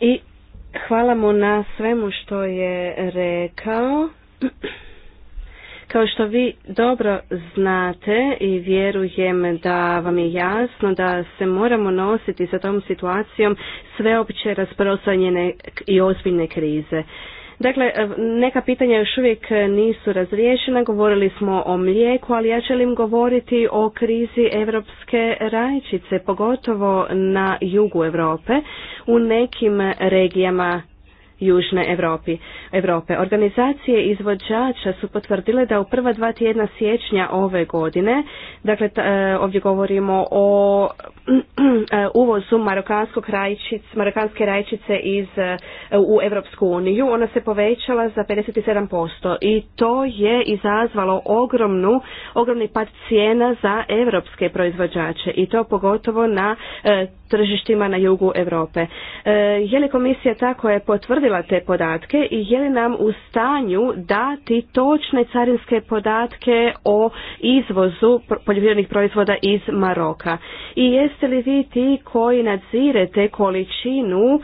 I hvala mu na svemu što je rekao. Kao što vi dobro znate i vjerujem da vam je jasno da se moramo nositi sa tom situacijom sveopće rasprosanjene i ozbiljne krize. Dakle, e, neka pitanja još uvijek e, nisu razriješena, govorili smo o mlijeku, ali ja želim govoriti o krizi evropske rajčice, pogotovo na jugu Europe, u nekim regijama Južne Europe. Organizacije izvođača su potvrdile da u prva dva tjedna siječnja ove godine, dakle e, ovdje govorimo o e, uvozu marokanskog marokanske rajčice iz, e, u Europsku uniju, ona se povećala za 57% i to je izazvalo ogromnu, ogromni pad cijena za europske proizvođače i to pogotovo na tržištima na jugu Europe. je li komisija tako je potvrdila dobila te podatke i je li nam u stanju dati točne carinske podatke o izvozu poljoprivrednih proizvoda iz Maroka? I jeste li vi ti koji nadzirete količinu e,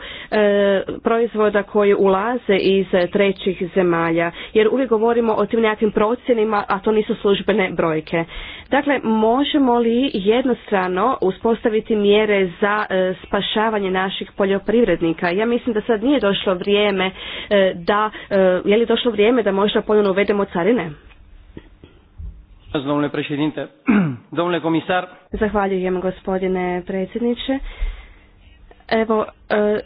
proizvoda koji ulaze iz trećih zemalja? Jer uvijek govorimo o tim nekakvim procjenima, a to nisu službene brojke. Dakle, možemo li jednostrano uspostaviti mjere za e, spašavanje naših poljoprivrednika? Ja mislim da sad nije došlo vrijeme vrijeme e, da, e, je li došlo vrijeme da možda ponovno uvedemo carine? Domnule predsjedniče, domnule komisar. Zahvaljujem gospodine predsjedniče. Evo, e,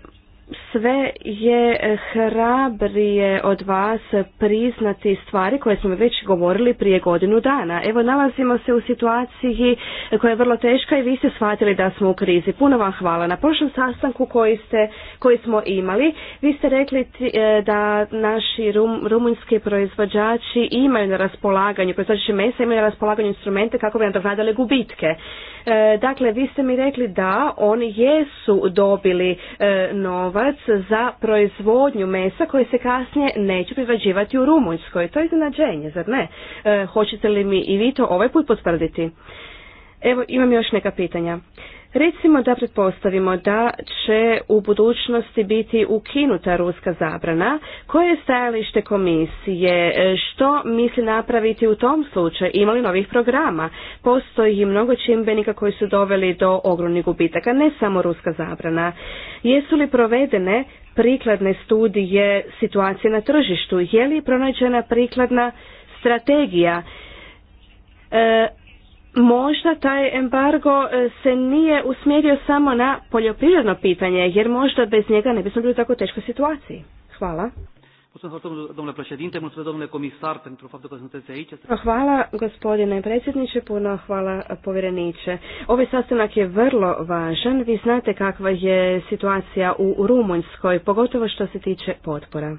sve je hrabrije od vas priznati stvari koje smo već govorili prije godinu dana. Evo nalazimo se u situaciji koja je vrlo teška i vi ste shvatili da smo u krizi. Puno vam hvala. Na prošlom sastanku koji, ste, koji smo imali, vi ste rekli e, da naši rum, rumunjski proizvođači imaju na raspolaganju, proizvođači mesa imaju na raspolaganju instrumente kako bi nadoknadali gubitke. E, dakle, vi ste mi rekli da oni jesu dobili e, nova kupac za proizvodnju mesa koje se kasnije neće privađivati u Rumunjskoj. To je iznenađenje, zar ne? E, hoćete li mi i vi to ovaj put potvrditi? Evo, imam još neka pitanja. Recimo da pretpostavimo da će u budućnosti biti ukinuta ruska zabrana, koje je stajalište komisije, što misli napraviti u tom slučaju, ima li novih programa, postoji mnogo čimbenika koji su doveli do ogromnih gubitaka, ne samo ruska zabrana. Jesu li provedene prikladne studije situacije na tržištu, je li pronađena prikladna strategija, e, možda taj embargo e, se nije usmjerio samo na poljoprivredno pitanje, jer možda bez njega ne bismo bili u tako teškoj situaciji. Hvala. Hvala gospodine predsjedniče, puno hvala e, povjereniče. Ovaj sastanak je vrlo važan. Vi znate kakva je situacija u Rumunjskoj, pogotovo što se tiče potpora.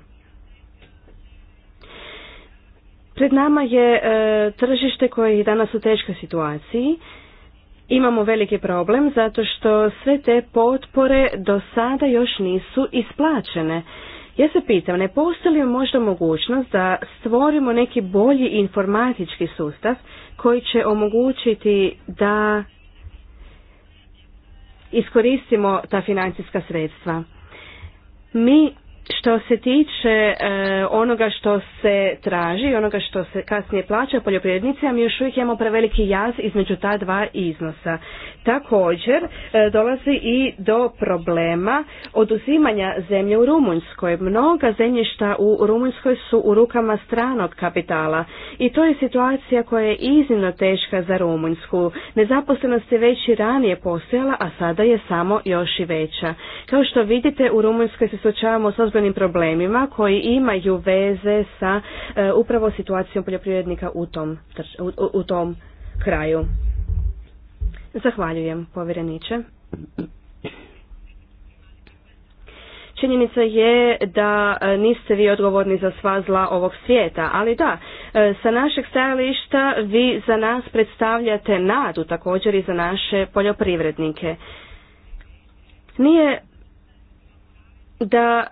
Pred nama je e, tržište koje je danas u teškoj situaciji. Imamo veliki problem zato što sve te potpore do sada još nisu isplaćene. Ja se pitam, ne postoji li možda mogućnost da stvorimo neki bolji informatički sustav koji će omogućiti da iskoristimo ta financijska sredstva? Mi što se tiče e, onoga što se traži i onoga što se kasnije plaća poljoprivrednicima, mi još uvijek imamo preveliki jaz između ta dva iznosa. Također e, dolazi i do problema oduzimanja zemlje u Rumunjskoj. Mnoga zemljišta u Rumunjskoj su u rukama stranog kapitala i to je situacija koja je iznimno teška za Rumunjsku. Nezaposlenost je već i ranije postojala, a sada je samo još i veća. Kao što vidite, u Rumunjskoj se suočavamo s društvenim problemima koji imaju veze sa e, upravo situacijom poljoprivrednika u tom, u, u tom kraju. Zahvaljujem povjereniče. Činjenica je da e, niste vi odgovorni za sva zla ovog svijeta, ali da, e, sa našeg stajališta vi za nas predstavljate nadu također i za naše poljoprivrednike. Nije da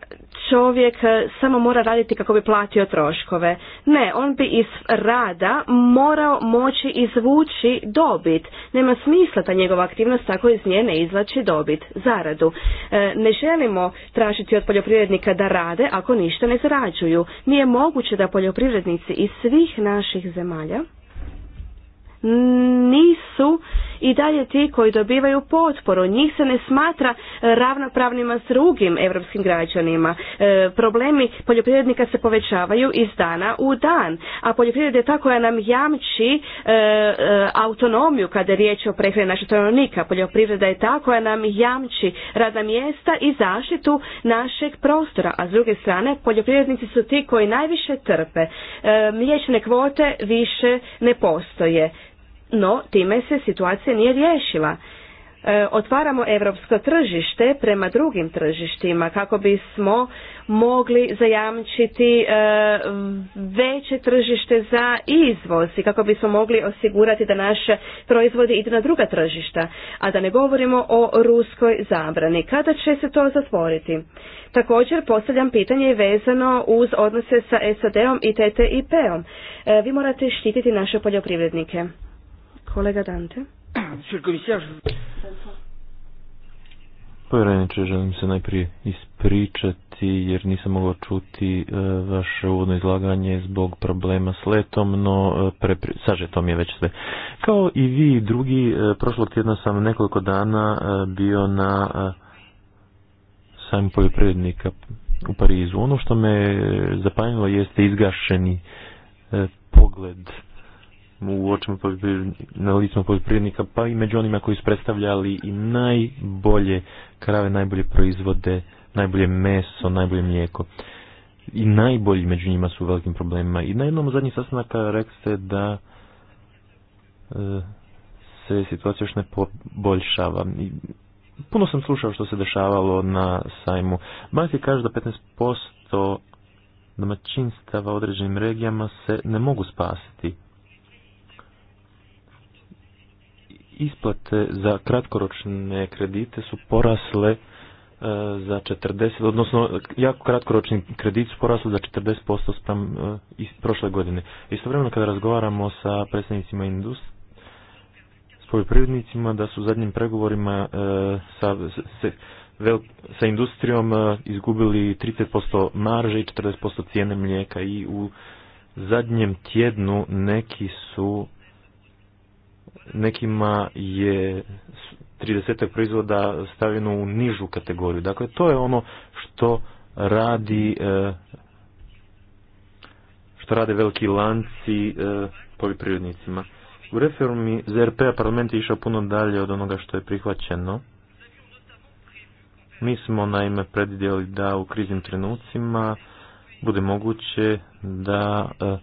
čovjek e, samo mora raditi kako bi platio troškove. Ne, on bi iz rada morao moći izvući dobit. Nema smisla ta njegova aktivnost tako iz nje ne izvlači dobit, zaradu. E, ne želimo tražiti od poljoprivrednika da rade ako ništa ne zarađuju. Nije moguće da poljoprivrednici iz svih naših zemalja nisu i dalje ti koji dobivaju potporu. Njih se ne smatra e, ravnopravnima s drugim europskim građanima. E, problemi poljoprivrednika se povećavaju iz dana u dan, a poljoprivreda je ta koja nam jamči e, autonomiju kada je riječ o prehrani naših stanovnika. Poljoprivreda je ta koja nam jamči radna mjesta i zaštitu našeg prostora, a s druge strane poljoprivrednici su ti koji najviše trpe. Mliječne kvote više ne postoje no time se situacija nije riješila. E, otvaramo europsko tržište prema drugim tržištima kako bismo mogli zajamčiti e, veće tržište za izvoz i kako bismo mogli osigurati da naše proizvodi idu na druga tržišta, a da ne govorimo o ruskoj zabrani. Kada će se to zatvoriti? Također postavljam pitanje vezano uz odnose sa SAD-om i TTIP-om. E, vi morate štititi naše poljoprivrednike. Kolega Dante. Povjereniče, želim se najprije ispričati jer nisam mogao čuti e, vaše uvodno izlaganje zbog problema s letom, no saže, sažeto mi je već sve. Kao i vi drugi, e, prošlog tjedna sam nekoliko dana e, bio na sajmu poljoprivrednika u Parizu. Ono što me zapanjilo jeste izgašeni pogled u očima na licima poljoprivrednika, pa i među onima koji su predstavljali i najbolje krave, najbolje proizvode, najbolje meso, najbolje mlijeko. I najbolji među njima su u velikim problemima. I na jednom zadnjih sastanaka rekli ste da e, se situacija još ne poboljšava. I puno sam slušao što se dešavalo na sajmu. Banke kaže da 15% domaćinstava u određenim regijama se ne mogu spasiti isplate za kratkoročne kredite su porasle e, za 40, odnosno jako kratkoročni kredit su porasli za 40% sprem iz prošle godine. Istovremeno kada razgovaramo sa predstavnicima Indus, s poljoprivrednicima, da su u zadnjim pregovorima e, sa, sa industrijom e, izgubili 30% marže i 40% cijene mlijeka i u zadnjem tjednu neki su nekima je 30 proizvoda stavljeno u nižu kategoriju. Dakle, to je ono što radi eh, što rade veliki lanci eh, poljoprivrednicima. U reformi ZRP-a parlament je išao puno dalje od onoga što je prihvaćeno. Mi smo naime predvidjeli da u kriznim trenucima bude moguće da eh,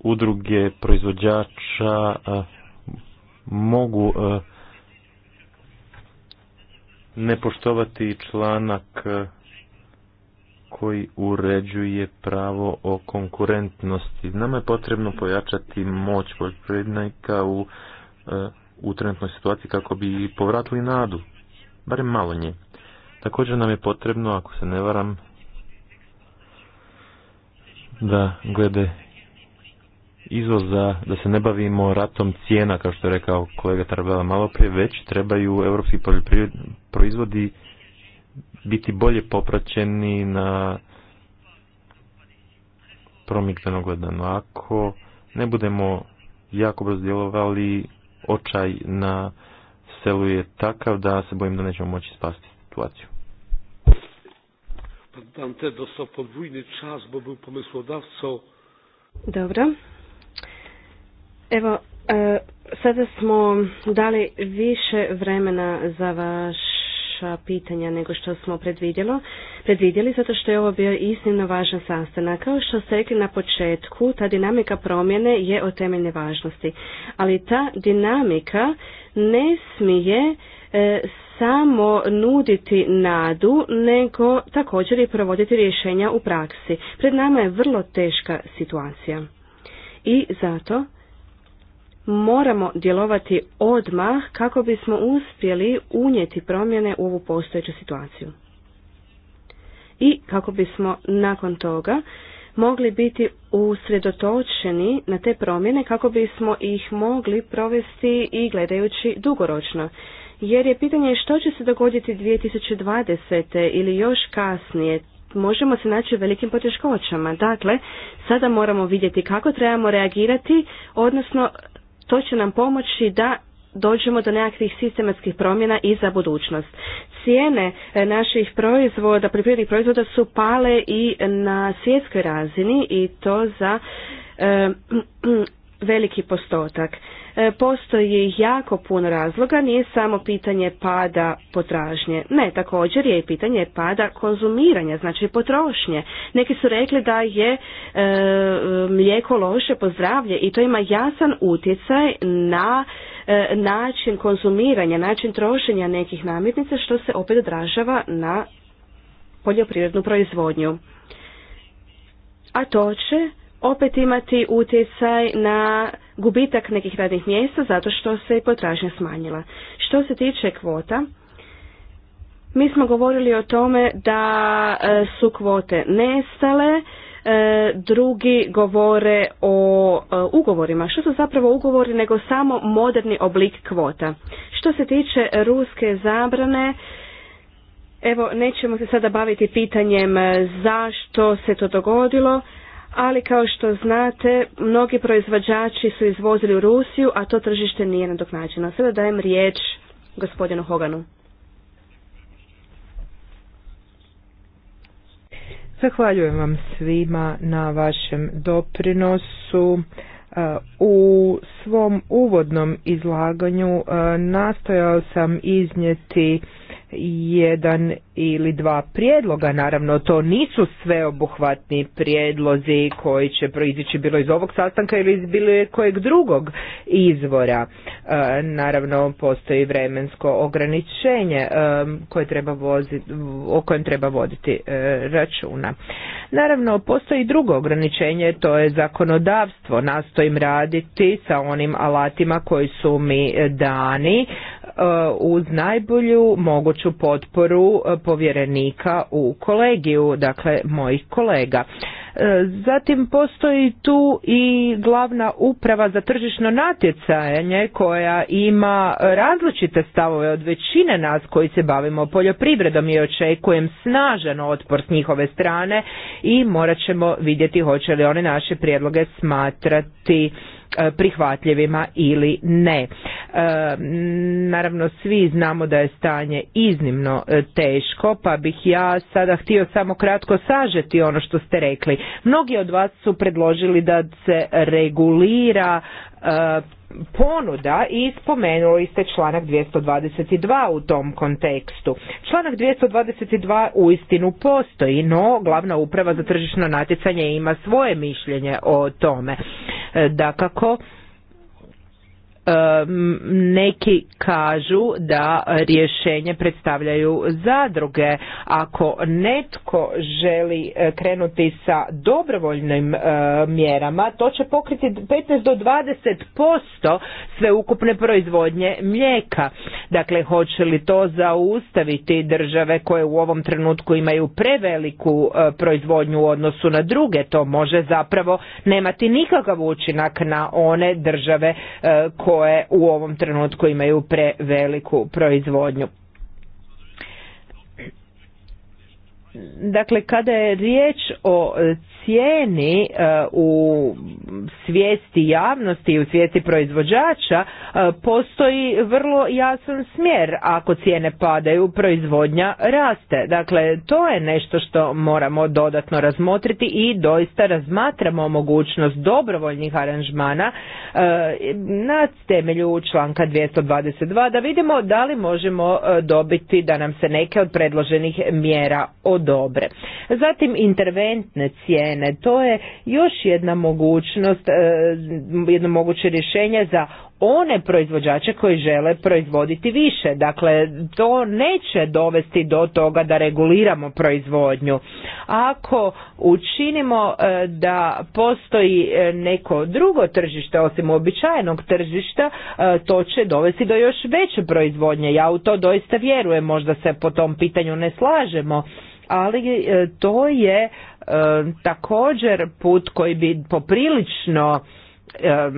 udruge proizvođača mogu ne poštovati članak koji uređuje pravo o konkurentnosti. Nama je potrebno pojačati moć poljoprivrednika u, u trenutnoj situaciji kako bi povratili nadu, barem malo nje. Također nam je potrebno, ako se ne varam, da glede izvoza, da se ne bavimo ratom cijena, kao što je rekao kolega malo prije, već trebaju europski proizvodi biti bolje popraćeni na promikveno gledano. Ako ne budemo jako brzo djelovali, očaj na selu je takav da se bojim da nećemo moći spasti situaciju. te bo Evo, e, sada smo dali više vremena za vaša pitanja nego što smo predvidjelo, predvidjeli, zato što je ovo bio iznimno važan sastanak. Kao što ste rekli na početku, ta dinamika promjene je od temeljne važnosti, ali ta dinamika ne smije e, samo nuditi nadu, nego također i provoditi rješenja u praksi. Pred nama je vrlo teška situacija. I zato moramo djelovati odmah kako bismo uspjeli unijeti promjene u ovu postojeću situaciju. I kako bismo nakon toga mogli biti usredotočeni na te promjene kako bismo ih mogli provesti i gledajući dugoročno. Jer je pitanje što će se dogoditi 2020. ili još kasnije, možemo se naći u velikim poteškoćama. Dakle, sada moramo vidjeti kako trebamo reagirati, odnosno to će nam pomoći da dođemo do nekakvih sistematskih promjena i za budućnost. Cijene e, naših proizvoda, poljoprivrednih proizvoda su pale i na svjetskoj razini i to za e, veliki postotak. E, postoji jako puno razloga, nije samo pitanje pada potražnje. Ne, također je i pitanje pada konzumiranja, znači potrošnje. Neki su rekli da je e, mlijeko loše zdravlje i to ima jasan utjecaj na e, način konzumiranja, način trošenja nekih namirnica što se opet odražava na poljoprivrednu proizvodnju. A to će opet imati utjecaj na gubitak nekih radnih mjesta zato što se i potražnja smanjila. Što se tiče kvota, mi smo govorili o tome da e, su kvote nestale, e, drugi govore o e, ugovorima. Što su zapravo ugovori nego samo moderni oblik kvota? Što se tiče ruske zabrane, evo nećemo se sada baviti pitanjem zašto se to dogodilo, ali kao što znate, mnogi proizvođači su izvozili u Rusiju, a to tržište nije nadoknađeno. Sada dajem riječ gospodinu Hoganu. Zahvaljujem vam svima na vašem doprinosu. E, u svom uvodnom izlaganju e, nastojao sam iznijeti jedan ili dva prijedloga, naravno to nisu sveobuhvatni prijedlozi koji će proizići bilo iz ovog sastanka ili iz bilo kojeg drugog izvora. E, naravno postoji vremensko ograničenje e, koje treba o kojem treba voditi e, računa. Naravno, postoji drugo ograničenje, to je zakonodavstvo. Nastojim raditi sa onim alatima koji su mi e, dani e, uz najbolju moguću potporu e, povjerenika u kolegiju, dakle mojih kolega. E, zatim postoji tu i glavna uprava za tržišno natjecanje koja ima različite stavove od većine nas koji se bavimo poljoprivredom i očekujem snažan otpor s njihove strane i morat ćemo vidjeti hoće li one naše prijedloge smatrati E, prihvatljivima ili ne. E, naravno svi znamo da je stanje iznimno e, teško pa bih ja sada htio samo kratko sažeti ono što ste rekli. Mnogi od vas su predložili da se regulira ponuda i spomenuli ste članak 222 u tom kontekstu. Članak 222 u istinu postoji, no glavna uprava za tržišno natjecanje ima svoje mišljenje o tome. E, dakako neki kažu da rješenje predstavljaju zadruge. Ako netko želi e, krenuti sa dobrovoljnim e, mjerama, to će pokriti 15 do 20% sveukupne proizvodnje mlijeka. Dakle, hoće li to zaustaviti države koje u ovom trenutku imaju preveliku e, proizvodnju u odnosu na druge? To može zapravo nemati nikakav učinak na one države koje koje u ovom trenutku imaju preveliku proizvodnju. Dakle, kada je riječ o cijeni e, u svijesti javnosti i u svijesti proizvođača, e, postoji vrlo jasan smjer. Ako cijene padaju, proizvodnja raste. Dakle, to je nešto što moramo dodatno razmotriti i doista razmatramo mogućnost dobrovoljnih aranžmana e, na temelju članka 222 da vidimo da li možemo dobiti da nam se neke od predloženih mjera od dobre. Zatim interventne cijene, to je još jedna mogućnost, e, jedno moguće rješenje za one proizvođače koji žele proizvoditi više. Dakle, to neće dovesti do toga da reguliramo proizvodnju. Ako učinimo e, da postoji e, neko drugo tržište osim uobičajenog tržišta, to će dovesti do još veće proizvodnje. Ja u to doista vjerujem, možda se po tom pitanju ne slažemo ali e, to je e, također put koji bi poprilično e,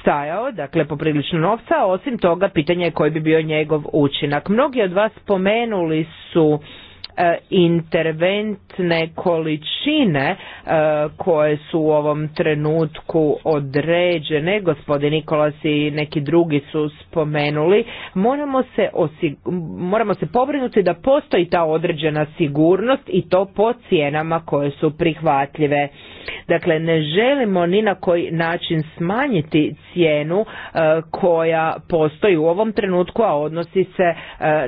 stajao, dakle poprilično novca, osim toga pitanje koji bi bio njegov učinak. Mnogi od vas spomenuli su E, interventne količine e, koje su u ovom trenutku određene, gospodin Nikolas i neki drugi su spomenuli, moramo se, moramo se pobrinuti da postoji ta određena sigurnost i to po cijenama koje su prihvatljive. Dakle, ne želimo ni na koji način smanjiti cijenu e, koja postoji u ovom trenutku, a odnosi se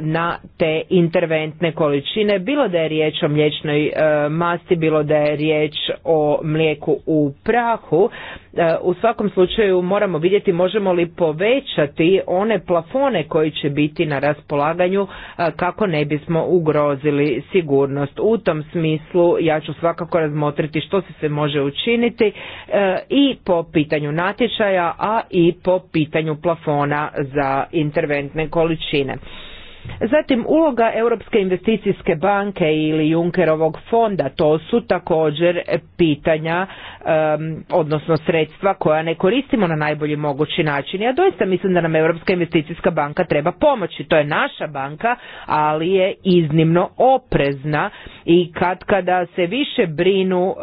na te interventne količine bilo da je riječ o mliječnoj e, masti, bilo da je riječ o mlijeku u prahu. E, u svakom slučaju moramo vidjeti možemo li povećati one plafone koji će biti na raspolaganju e, kako ne bismo ugrozili sigurnost. U tom smislu ja ću svakako razmotriti što se sve može učiniti i po pitanju natječaja, a i po pitanju plafona za interventne količine. Zatim uloga Europske investicijske banke ili Junkerovog fonda, to su također pitanja, odnosno sredstva koja ne koristimo na najbolji mogući način. Ja doista mislim da nam Europska investicijska banka treba pomoći, to je naša banka, ali je iznimno oprezna i kad kada se više brinu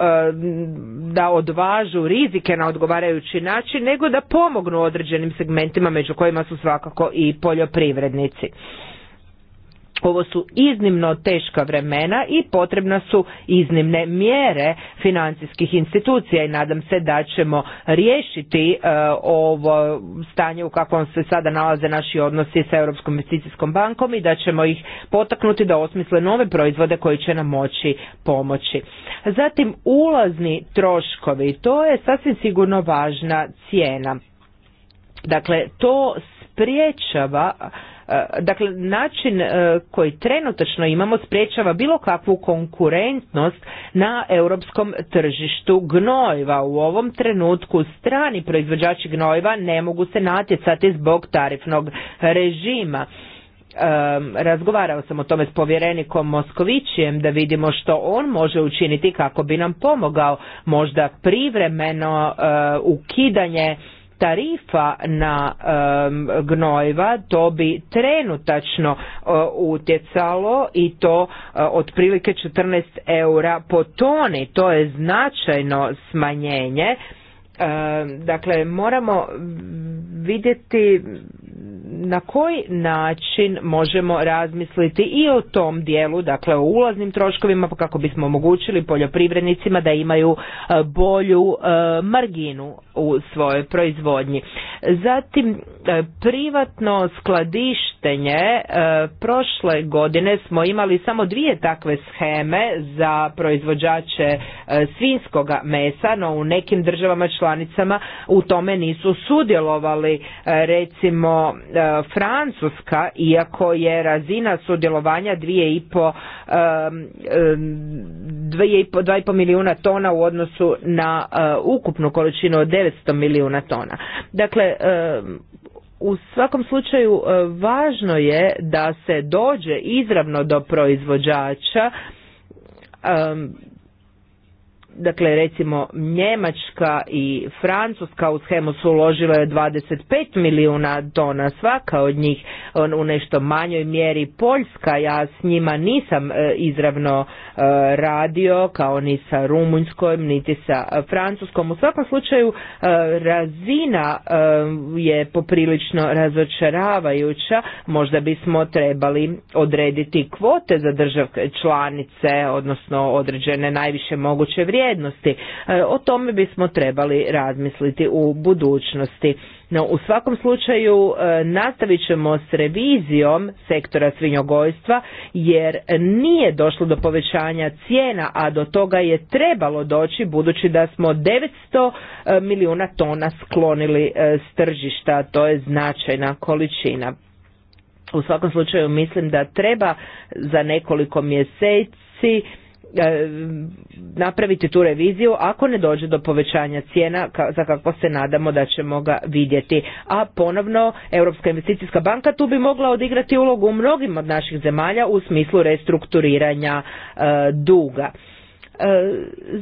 da odvažu rizike na odgovarajući način, nego da pomognu određenim segmentima među kojima su svakako i poljoprivrednici ovo su iznimno teška vremena i potrebna su iznimne mjere financijskih institucija i nadam se da ćemo riješiti e, ovo stanje u kakvom se sada nalaze naši odnosi sa Europskom investicijskom bankom i da ćemo ih potaknuti da osmisle nove proizvode koji će nam moći pomoći. Zatim ulazni troškovi, to je sasvim sigurno važna cijena. Dakle, to spriječava E, dakle, način e, koji trenutačno imamo sprječava bilo kakvu konkurentnost na europskom tržištu gnojiva. U ovom trenutku strani proizvođači gnojiva ne mogu se natjecati zbog tarifnog režima. E, razgovarao sam o tome s povjerenikom Moskovićijem da vidimo što on može učiniti kako bi nam pomogao možda privremeno ukidanje tarifa na gnojiva to bi trenutačno e, utjecalo i to e, otprilike 14 eura po toni to je značajno smanjenje Dakle, moramo vidjeti na koji način možemo razmisliti i o tom dijelu, dakle o ulaznim troškovima pa kako bismo omogućili poljoprivrednicima da imaju e, bolju e, marginu u svojoj proizvodnji. Zatim e, privatno skladištenje prošle godine smo imali samo dvije takve sheme za proizvođače svinskoga mesa, no u nekim državama članicama članicama u tome nisu sudjelovali. E, recimo e, Francuska, iako je razina sudjelovanja 2,5 e, milijuna tona u odnosu na ukupnu količinu od 900 milijuna tona. Dakle, u svakom slučaju važno je da se dođe izravno do proizvođača dakle recimo Njemačka i Francuska u schemu su uložile 25 milijuna tona svaka od njih u nešto manjoj mjeri Poljska ja s njima nisam e, izravno e, radio kao ni sa Rumunjskom niti sa e, Francuskom u svakom slučaju razina je poprilično razočaravajuća možda bismo trebali odrediti kvote za države članice odnosno određene najviše moguće vrijeme vrijednosti. E, o tome bismo trebali razmisliti u budućnosti. No, u svakom slučaju e, nastavit ćemo s revizijom sektora svinjogojstva jer nije došlo do povećanja cijena, a do toga je trebalo doći budući da smo 900 e, milijuna tona sklonili s tržišta, to je značajna količina. U svakom slučaju mislim da treba za nekoliko mjeseci E, napraviti tu reviziju ako ne dođe do povećanja cijena za kako se nadamo da ćemo ga vidjeti. A ponovno Europska investicijska banka tu bi mogla odigrati ulogu u mnogim od naših zemalja u smislu restrukturiranja e, duga. E,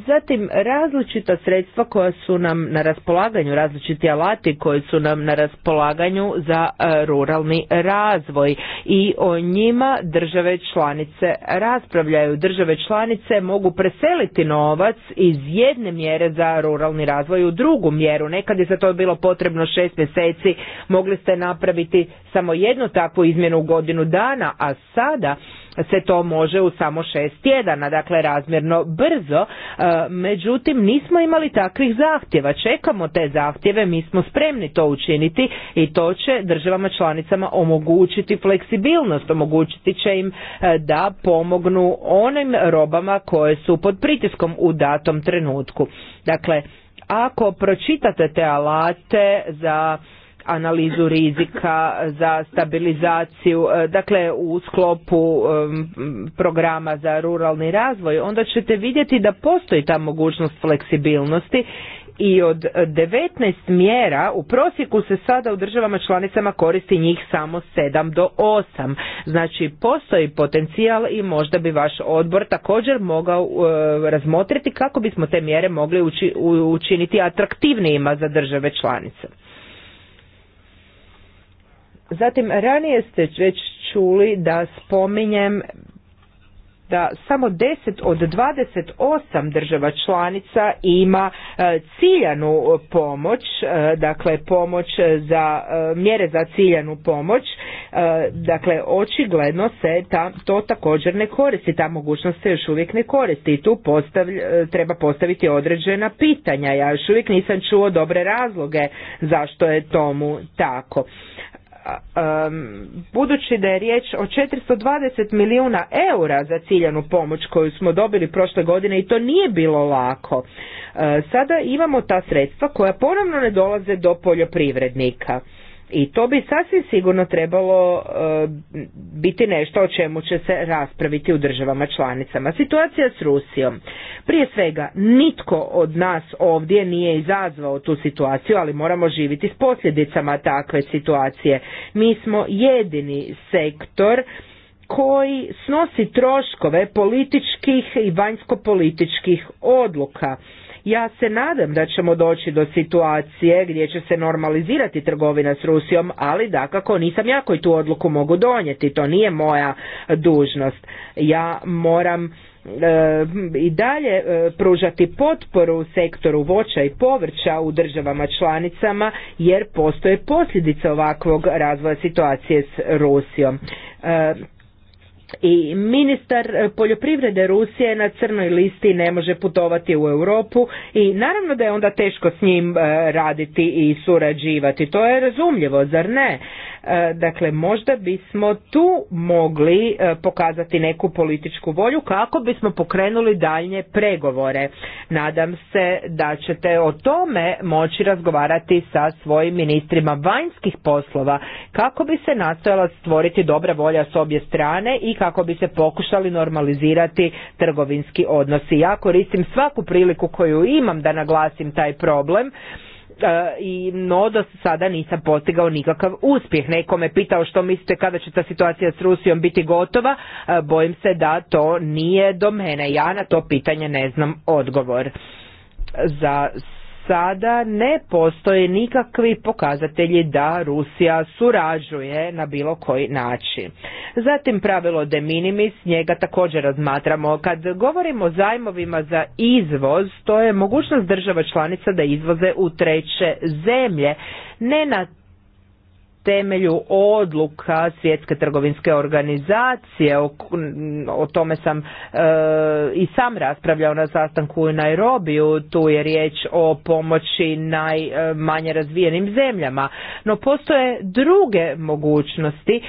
zatim različita sredstva koja su nam na raspolaganju, različiti alati koji su nam na raspolaganju za e, ruralni razvoj i o njima države članice raspravljaju. Države članice mogu preseliti novac iz jedne mjere za ruralni razvoj u drugu mjeru. Nekad je za to bilo potrebno šest mjeseci, mogli ste napraviti samo jednu takvu izmjenu u godinu dana, a sada se to može u samo šest tjedana, dakle razmjerno brzo, e, međutim nismo imali takvih zahtjeva, čekamo te zahtjeve, mi smo spremni to učiniti i to će državama članicama omogućiti fleksibilnost, omogućiti će im e, da pomognu onim robama koje su pod pritiskom u datom trenutku. Dakle, ako pročitate te alate za analizu rizika, za stabilizaciju, e, dakle u sklopu programa za ruralni razvoj, onda ćete vidjeti da postoji ta mogućnost fleksibilnosti i od 19 mjera u prosjeku se sada u državama članicama koristi njih samo 7 do 8. Znači postoji potencijal i možda bi vaš odbor također mogao e, razmotriti kako bismo te mjere mogli učiniti atraktivnijima za države članice. Zatim, ranije ste već čuli da spominjem da samo 10 od 28 država članica ima e, ciljanu e, pomoć, e, dakle pomoć za mjere za ciljanu pomoć, dakle očigledno se ta, to također ne koristi, ta mogućnost se još uvijek ne koristi i tu treba postaviti određena pitanja. Ja još uvijek nisam čuo dobre razloge zašto je tomu tako budući da je riječ o 420 milijuna eura za ciljanu pomoć koju smo dobili prošle godine i to nije bilo lako. Eh, sada imamo ta sredstva koja ponovno ne dolaze do poljoprivrednika. I to bi sasvim sigurno trebalo e, biti nešto o čemu će se raspraviti u državama članicama. Situacija s Rusijom. Prije svega, nitko od nas ovdje nije izazvao tu situaciju, ali moramo živiti s posljedicama takve situacije. Mi smo jedini sektor koji snosi troškove političkih i vanjskopolitičkih odluka ja se nadam da ćemo doći do situacije gdje će se normalizirati trgovina s Rusijom, ali dakako nisam ja koji tu odluku mogu donijeti, to nije moja dužnost. Ja moram e, i dalje e, pružati potporu sektoru voća i povrća u državama članicama jer postoje posljedice ovakvog razvoja situacije s Rusijom. E, i ministar eh, poljoprivrede Rusije na crnoj listi ne može putovati u Europu i naravno da je onda teško s njim eh, raditi i surađivati. To je razumljivo, zar ne? E, dakle, možda bismo tu mogli e, pokazati neku političku volju kako bismo pokrenuli daljnje pregovore. Nadam se da ćete o tome moći razgovarati sa svojim ministrima vanjskih poslova kako bi se nastojala stvoriti dobra volja s obje strane i kako bi se pokušali normalizirati trgovinski odnosi. Ja koristim svaku priliku koju imam da naglasim taj problem E, i no do sada nisam postigao nikakav uspjeh. Neko me pitao što mislite kada će ta situacija s Rusijom biti gotova, e, bojim se da to nije do mene. Ja na to pitanje ne znam odgovor. Za sada ne postoje nikakvi pokazatelji da Rusija surađuje na bilo koji način. Zatim pravilo de minimis, njega također razmatramo. Kad govorimo o zajmovima za izvoz, to je mogućnost država članica da izvoze u treće zemlje, ne na temelju odluka svjetske trgovinske organizacije o, tome sam e, i sam raspravljao na sastanku u Nairobiju tu je riječ o pomoći najmanje razvijenim zemljama no postoje druge mogućnosti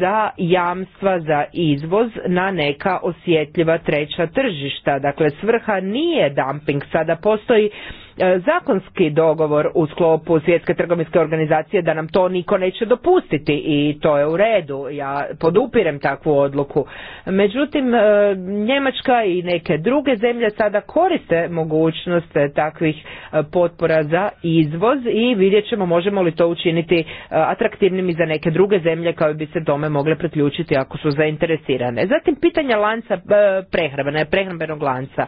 za jamstva za izvoz na neka osjetljiva treća tržišta dakle svrha nije dumping sada postoji E, zakonski dogovor u sklopu svjetske trgovinske organizacije da nam to niko neće dopustiti i to je u redu. Ja podupirem takvu odluku. Međutim, e, Njemačka i neke druge zemlje sada koriste mogućnost takvih e, potpora za izvoz i vidjet ćemo možemo li to učiniti atraktivnim i za neke druge zemlje koje bi se tome mogle priključiti ako su zainteresirane. Zatim pitanja lanca prehrane prehrambenog lanca.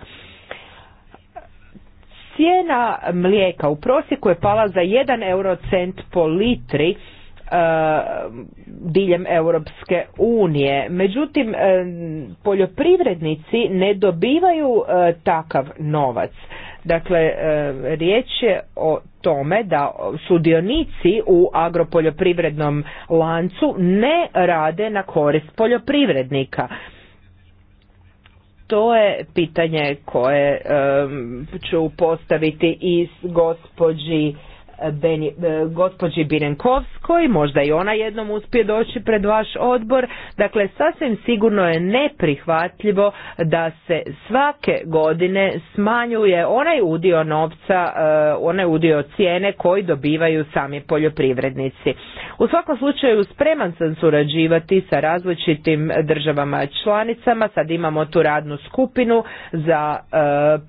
Cijena mlijeka u prosjeku je pala za 1 eurocent po litri e, diljem Europske unije. Međutim, e, poljoprivrednici ne dobivaju e, takav novac. Dakle, riječ je o tome da sudionici u agropoljoprivrednom lancu ne rade na korist poljoprivrednika to je pitanje koje um, ću postaviti iz gospođi Beni, e, gospođi Birenkovskoj, možda i ona jednom uspije doći pred vaš odbor. Dakle, sasvim sigurno je neprihvatljivo da se svake godine smanjuje onaj udio novca, e, onaj udio cijene koji dobivaju sami poljoprivrednici. U svakom slučaju spreman sam surađivati sa različitim državama članicama. Sad imamo tu radnu skupinu za e,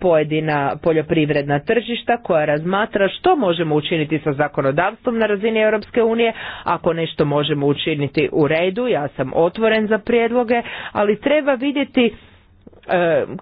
pojedina poljoprivredna tržišta koja razmatra što možemo učiniti učiniti sa zakonodavstvom na razini Europske unije, ako nešto možemo učiniti u redu, ja sam otvoren za prijedloge, ali treba vidjeti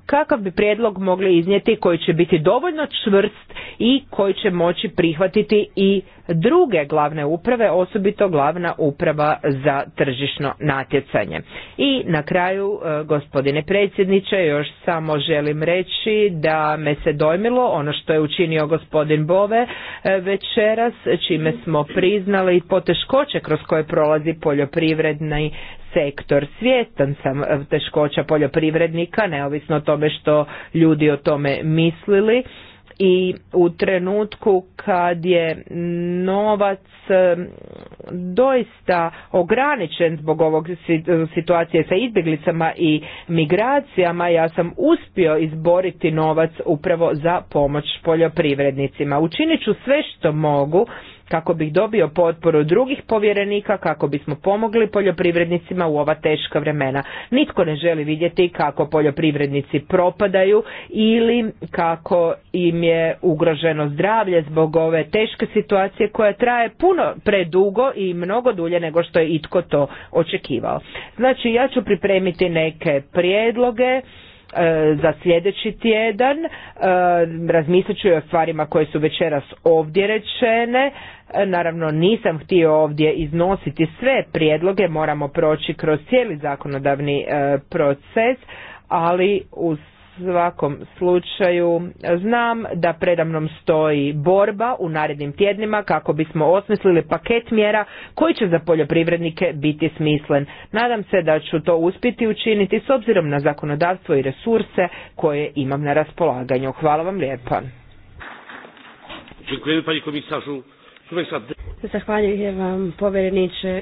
kakav bi prijedlog mogli iznijeti koji će biti dovoljno čvrst i koji će moći prihvatiti i druge glavne uprave, osobito glavna uprava za tržišno natjecanje. I na kraju, e, gospodine predsjedniče, još samo želim reći da me se dojmilo ono što je učinio gospodin Bove e, večeras, čime smo priznali poteškoće kroz koje prolazi poljoprivredni sektor. Svjestan sam e, teškoća poljoprivrednika, neovisno o tome što ljudi o tome mislili i u trenutku kad je novac e, doista ograničen zbog ovog e, situacije sa izbjeglicama i migracijama, ja sam uspio izboriti novac upravo za pomoć poljoprivrednicima. Učinit ću sve što mogu kako bih dobio potporu drugih povjerenika kako bismo pomogli poljoprivrednicima u ova teška vremena. Nitko ne želi vidjeti kako poljoprivrednici propadaju ili kako im je ugroženo zdravlje zbog ove teške situacije koja traje puno predugo i mnogo dulje nego što je itko to očekivao. Znači ja ću pripremiti neke prijedloge E, za sljedeći tjedan. E, razmislit ću o stvarima koje su večeras ovdje rečene. E, naravno nisam htio ovdje iznositi sve prijedloge, moramo proći kroz cijeli zakonodavni proces, ali uz svakom slučaju znam da predamnom stoji borba u narednim tjednima kako bismo osmislili paket mjera koji će za poljoprivrednike biti smislen. Nadam se da ću to uspjeti učiniti s obzirom na zakonodavstvo i resurse koje imam na raspolaganju. Hvala vam lijepa. Zahvaljujem vam povjereniče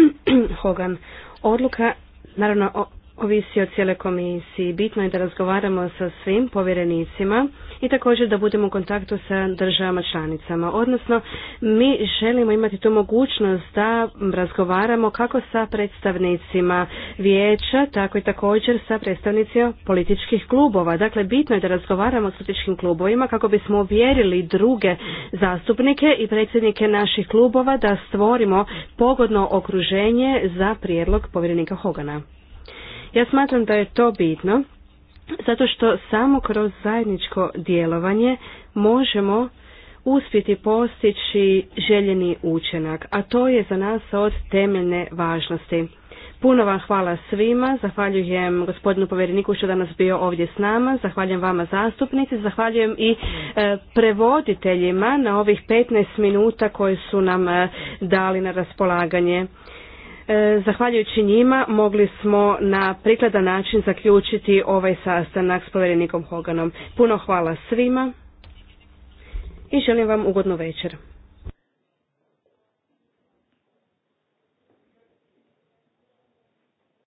Hogan. Odluka, naravno ovisi o cijele komisiji. Bitno je da razgovaramo sa svim povjerenicima i također da budemo u kontaktu sa državama članicama. Odnosno, mi želimo imati tu mogućnost da razgovaramo kako sa predstavnicima vijeća, tako i također sa predstavnicima političkih klubova. Dakle, bitno je da razgovaramo s političkim klubovima kako bismo uvjerili druge zastupnike i predsjednike naših klubova da stvorimo pogodno okruženje za prijedlog povjerenika Hogana. Ja smatram da je to bitno zato što samo kroz zajedničko djelovanje možemo uspjeti postići željeni učenak, a to je za nas od temeljne važnosti. Puno vam hvala svima, zahvaljujem gospodinu povjereniku što danas bio ovdje s nama, zahvaljujem vama zastupnici, zahvaljujem i e, prevoditeljima na ovih 15 minuta koje su nam e, dali na raspolaganje. E, zahvaljujući njima mogli smo na prikladan način zaključiti ovaj sastanak s povjerenikom Hoganom. Puno hvala svima i želim vam ugodnu večer.